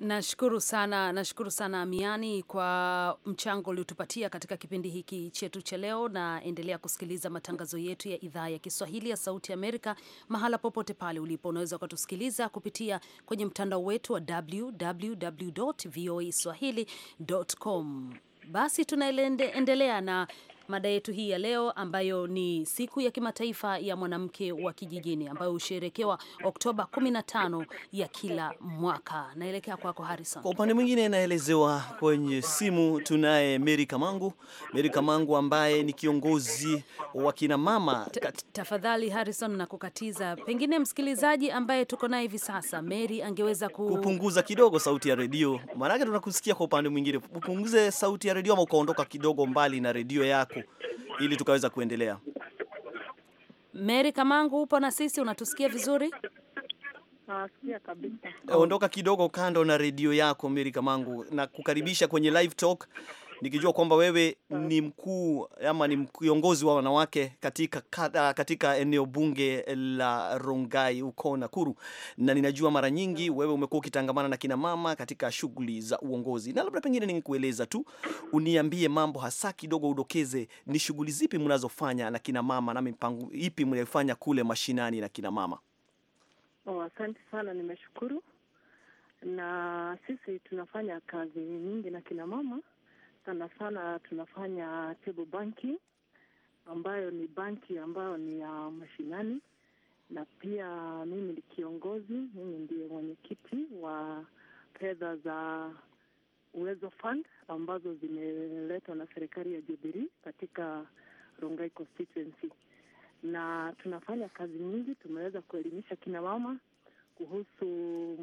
Nashukuru sana, nashukuru sana Amiani kwa mchango uliotupatia katika kipindi hiki chetu cha leo, na endelea kusikiliza matangazo yetu ya idhaa ya Kiswahili ya Sauti Amerika. Mahala popote pale ulipo, unaweza ukatusikiliza kupitia kwenye mtandao wetu wa www voa swahili.com. Basi tunaendelea na mada yetu hii ya leo ambayo ni siku ya kimataifa ya mwanamke wa kijijini ambayo husherekewa Oktoba 15 ya kila mwaka. Naelekea kwako Harrison. Kwa upande mwingine, naelezewa kwenye simu tunaye Mary Kamangu. Mary Kamangu ambaye ni kiongozi wa kina mama. Tafadhali Harrison, nakukatiza. Pengine msikilizaji ambaye tuko naye hivi sasa, Mary angeweza ku... kupunguza kidogo sauti ya redio, maanake tunakusikia kwa upande mwingine. Upunguze sauti ya redio ama ukaondoka kidogo mbali na redio yako siku ili tukaweza kuendelea. Mary Kamangu, upo na sisi, unatusikia vizuri? Nasikia kabisa. Ondoka kidogo kando na redio yako Mary Kamangu, na kukaribisha kwenye live talk nikijua kwamba wewe ni mkuu ama ni kiongozi wa wanawake katika, katika eneo bunge la Rongai huko Nakuru, na ninajua mara nyingi wewe umekuwa ukitangamana na kina mama katika shughuli za uongozi, na labda pengine ningekueleza tu uniambie mambo hasa kidogo, udokeze ni shughuli zipi mnazofanya na kina mama na mipango ipi mnayofanya kule mashinani na kina mama. Oh, asante sana, nimeshukuru. Na sisi tunafanya kazi nyingi na kina mama sana sana tunafanya table banking ambayo ni banki ambayo ni ya uh, mashinani, na pia mimi ni kiongozi, mimi ndiye mwenyekiti wa fedha za Uwezo Fund ambazo zimeletwa na serikali ya jubiri katika Rongai constituency, na tunafanya kazi nyingi. Tumeweza kuelimisha kina mama kuhusu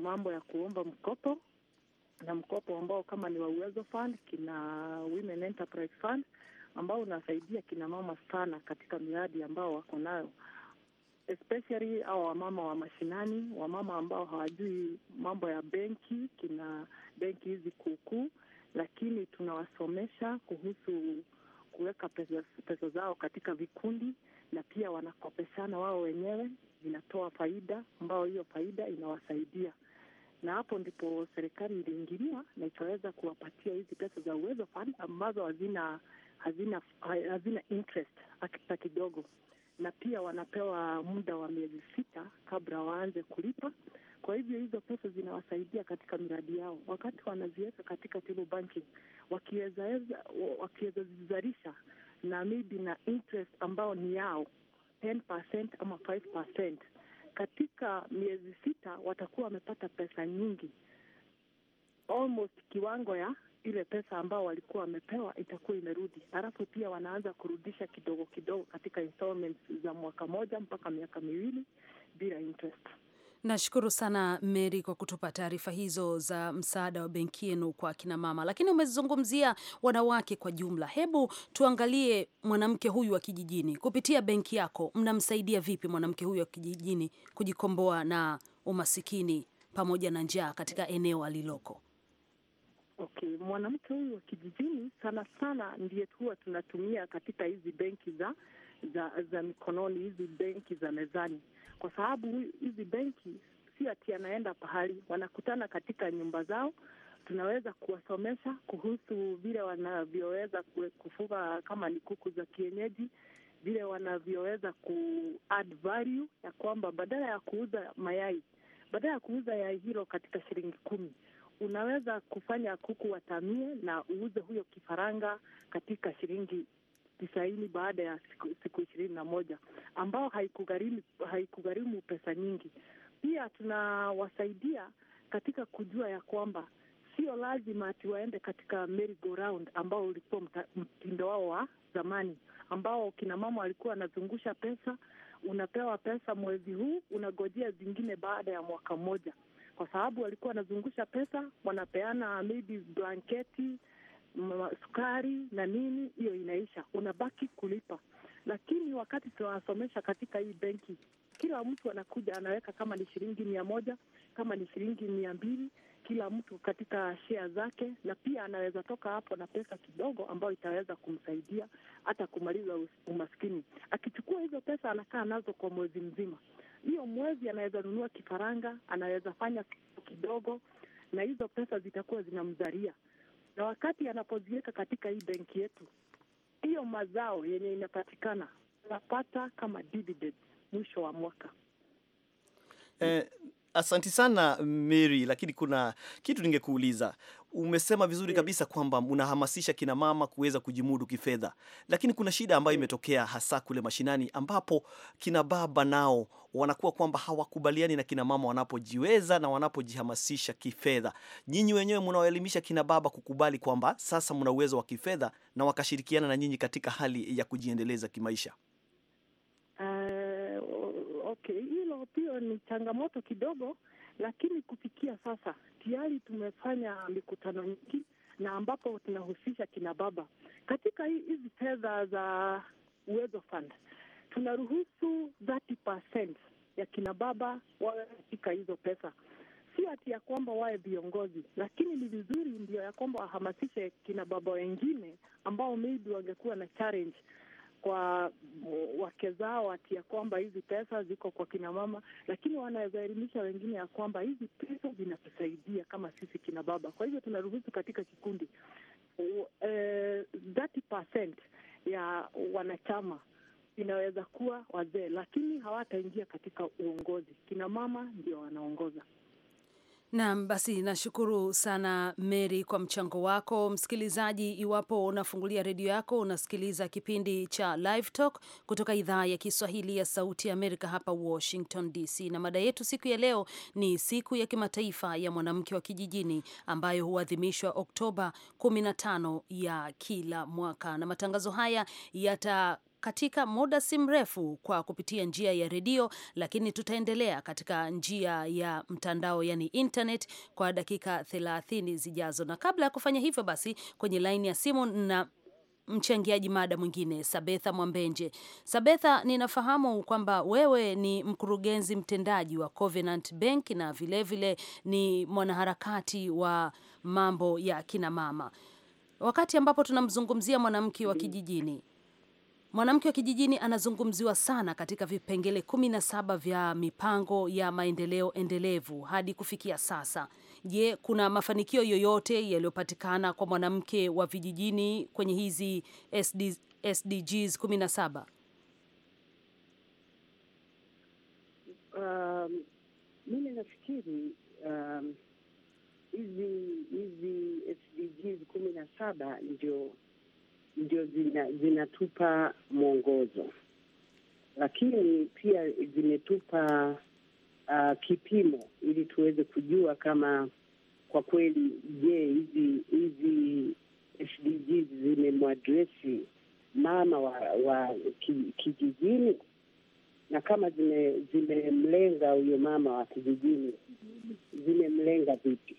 mambo ya kuomba mkopo na mkopo ambao kama ni wa Uwezo Fund, kina Women Enterprise Fund ambao unasaidia kina mama sana katika miradi ambao wako nayo, especially au wamama wa mashinani, wamama ambao hawajui mambo ya benki, kina benki hizi kuukuu, lakini tunawasomesha kuhusu kuweka pesa, pesa zao katika vikundi na pia wanakopeshana wao wenyewe, inatoa faida ambao hiyo faida inawasaidia na hapo ndipo serikali iliingilia na ikaweza kuwapatia hizi pesa za uwezo fund ambazo hazina hazina hazina interest hata kidogo, na pia wanapewa muda wa miezi sita kabla waanze kulipa. Kwa hivyo hizo pesa zinawasaidia katika miradi yao, wakati wanaziweka katika table banking, wakiweza wakiweza zizalisha na maybe na interest ambao ni yao 10% ama 5% katika miezi sita watakuwa wamepata pesa nyingi, almost kiwango ya ile pesa ambao walikuwa wamepewa itakuwa imerudi. Halafu pia wanaanza kurudisha kidogo kidogo katika installments za mwaka moja mpaka miaka miwili bila interest. Nashukuru sana Mary kwa kutupa taarifa hizo za msaada wa benki yenu kwa akinamama, lakini umezungumzia wanawake kwa jumla. Hebu tuangalie mwanamke huyu wa kijijini, kupitia benki yako mnamsaidia vipi mwanamke huyu wa kijijini kujikomboa na umasikini pamoja na njaa katika eneo aliloko? Okay, mwanamke huyu wa kijijini sana sana ndiye huwa tunatumia katika hizi benki za za, za mikononi, hizi benki za mezani kwa sababu hizi benki si ati anaenda pahali, wanakutana katika nyumba zao. Tunaweza kuwasomesha kuhusu vile wanavyoweza kufuga kama ni kuku za kienyeji, vile wanavyoweza ku add value ya kwamba badala ya kuuza mayai, badala ya kuuza yai hilo katika shilingi kumi unaweza kufanya kuku watamie na uuze huyo kifaranga katika shilingi tisaini baada ya siku ishirini na moja ambao haikugharimu haikugharimu pesa nyingi. Pia tunawasaidia katika kujua ya kwamba sio lazima ati waende katika merry go round ambao ulikuwa mtindo wao wa zamani, ambao kinamama walikuwa wanazungusha pesa. Unapewa pesa mwezi huu, unagojea zingine baada ya mwaka mmoja, kwa sababu walikuwa wanazungusha pesa, wanapeana maybe blanketi sukari na nini, hiyo inaisha, unabaki kulipa. Lakini wakati tunawasomesha katika hii benki, kila mtu anakuja anaweka, kama ni shilingi mia moja, kama ni shilingi mia mbili, kila mtu katika shea zake, na pia anaweza toka hapo na pesa kidogo ambayo itaweza kumsaidia hata kumaliza umaskini. Akichukua hizo pesa, anakaa nazo kwa mwezi mzima. Hiyo mwezi anaweza nunua kifaranga, anaweza fanya kidogo, na hizo pesa zitakuwa zinamzaria na wakati anapoziweka katika hii benki yetu, hiyo mazao yenye inapatikana anapata kama dividend mwisho wa mwaka. Eh, Asanti sana Mary, lakini kuna kitu ningekuuliza. Umesema vizuri kabisa kwamba unahamasisha kina mama kuweza kujimudu kifedha, lakini kuna shida ambayo imetokea hasa kule mashinani, ambapo kina baba nao wanakuwa kwamba hawakubaliani na kina mama wanapojiweza na wanapojihamasisha kifedha. Nyinyi wenyewe mnaoelimisha kina baba kukubali kwamba sasa mna uwezo wa kifedha na wakashirikiana na nyinyi katika hali ya kujiendeleza kimaisha. Okay, hilo pia ni changamoto kidogo, lakini kufikia sasa tayari tumefanya mikutano mingi na ambapo tunahusisha kina baba katika hizi fedha za Uwezo Fund. Tunaruhusu 30% ya kina baba wawe katika hizo pesa, si ati ya kwamba wawe viongozi, lakini ni vizuri ndio ya kwamba wahamasishe kina baba wengine ambao maybe wangekuwa na challenge kwa wake zao ati ya kwamba hizi pesa ziko kwa kina mama lakini wanaweza elimisha wengine ya kwamba hizi pesa zinatusaidia kama sisi kina baba. Kwa hivyo tunaruhusu katika kikundi uh, eh, 30% ya wanachama inaweza kuwa wazee, lakini hawataingia katika uongozi. kina mama ndio wanaongoza. Naam, basi nashukuru sana Mary kwa mchango wako. Msikilizaji, iwapo unafungulia redio yako unasikiliza kipindi cha Live Talk kutoka idhaa ya Kiswahili ya Sauti ya Amerika hapa Washington DC, na mada yetu siku ya leo ni siku ya kimataifa ya mwanamke wa kijijini ambayo huadhimishwa Oktoba 15 ya kila mwaka, na matangazo haya yata katika muda si mrefu kwa kupitia njia ya redio, lakini tutaendelea katika njia ya mtandao, yani internet, kwa dakika thelathini zijazo. Na kabla ya kufanya hivyo, basi kwenye laini ya simu na mchangiaji mada mwingine Sabetha Mwambenje. Sabetha, ninafahamu kwamba wewe ni mkurugenzi mtendaji wa Covenant Bank na vilevile vile ni mwanaharakati wa mambo ya kinamama. Wakati ambapo tunamzungumzia mwanamke wa kijijini Mwanamke wa kijijini anazungumziwa sana katika vipengele 17 vya mipango ya maendeleo endelevu hadi kufikia sasa. Je, kuna mafanikio yoyote yaliyopatikana kwa mwanamke wa vijijini kwenye hizi SDGs 17? Um, mimi nafikiri um, hizi hizi SDGs kumi na saba ndio ndio zina, zinatupa mwongozo, lakini pia zimetupa uh, kipimo ili tuweze kujua kama kwa kweli, je, hizi hizi SDGs zimemwadresi mama wa, wa kijijini ki, na kama zimemlenga zime huyo mama wa kijijini zimemlenga vipi?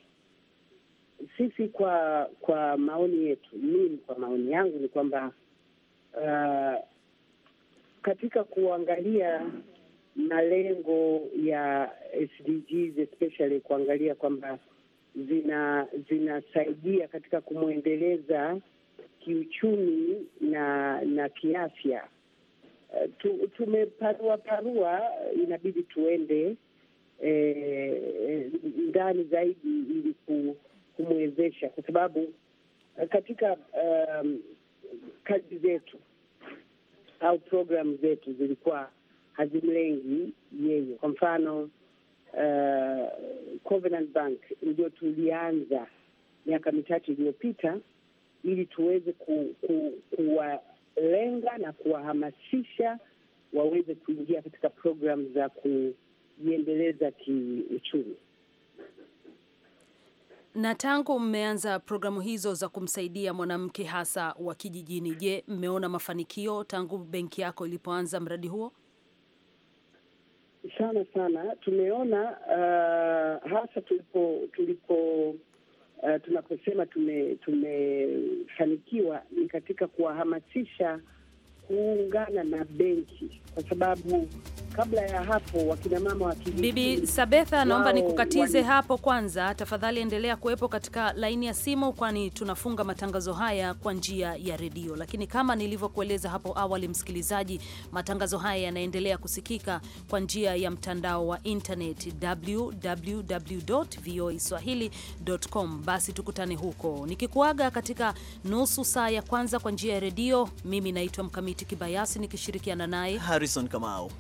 sisi kwa kwa maoni yetu, mimi kwa maoni yangu ni kwamba uh, katika kuangalia malengo ya SDGs especially kuangalia kwamba zina zinasaidia katika kumwendeleza kiuchumi na na kiafya. Uh, tu, tumeparua parua, inabidi tuende eh, eh ndani zaidi ili ku kumwezesha, kwa sababu eh, katika um, kazi zetu au programu zetu zilikuwa hazimlengi yeye. Kwa mfano uh, Covenant Bank ndio tulianza miaka michache iliyopita ili tuweze ku, ku, kuwalenga na kuwahamasisha waweze kuingia katika programu za kujiendeleza kiuchumi. Na tangu mmeanza programu hizo za kumsaidia mwanamke hasa wa kijijini, je, mmeona mafanikio tangu benki yako ilipoanza mradi huo? Sana sana tumeona uh, hasa tulipo tulipo uh, tunaposema tume- tumefanikiwa ni katika kuwahamasisha kuungana na benki, kwa sababu kabla ya hapo wakinamama waki Bibi Sabetha, naomba nikukatize wani... hapo kwanza. Tafadhali endelea kuwepo katika laini ya simu, kwani tunafunga matangazo haya kwa njia ya redio. Lakini kama nilivyokueleza hapo awali, msikilizaji, matangazo haya yanaendelea kusikika kwa njia ya mtandao wa internet www.voaswahili.com. Basi tukutane huko, nikikuaga katika nusu saa ya kwanza kwa njia ya redio. Mimi naitwa Mkamiti Mkamiti Kibayasi nikishirikiana naye Harrison Kamau.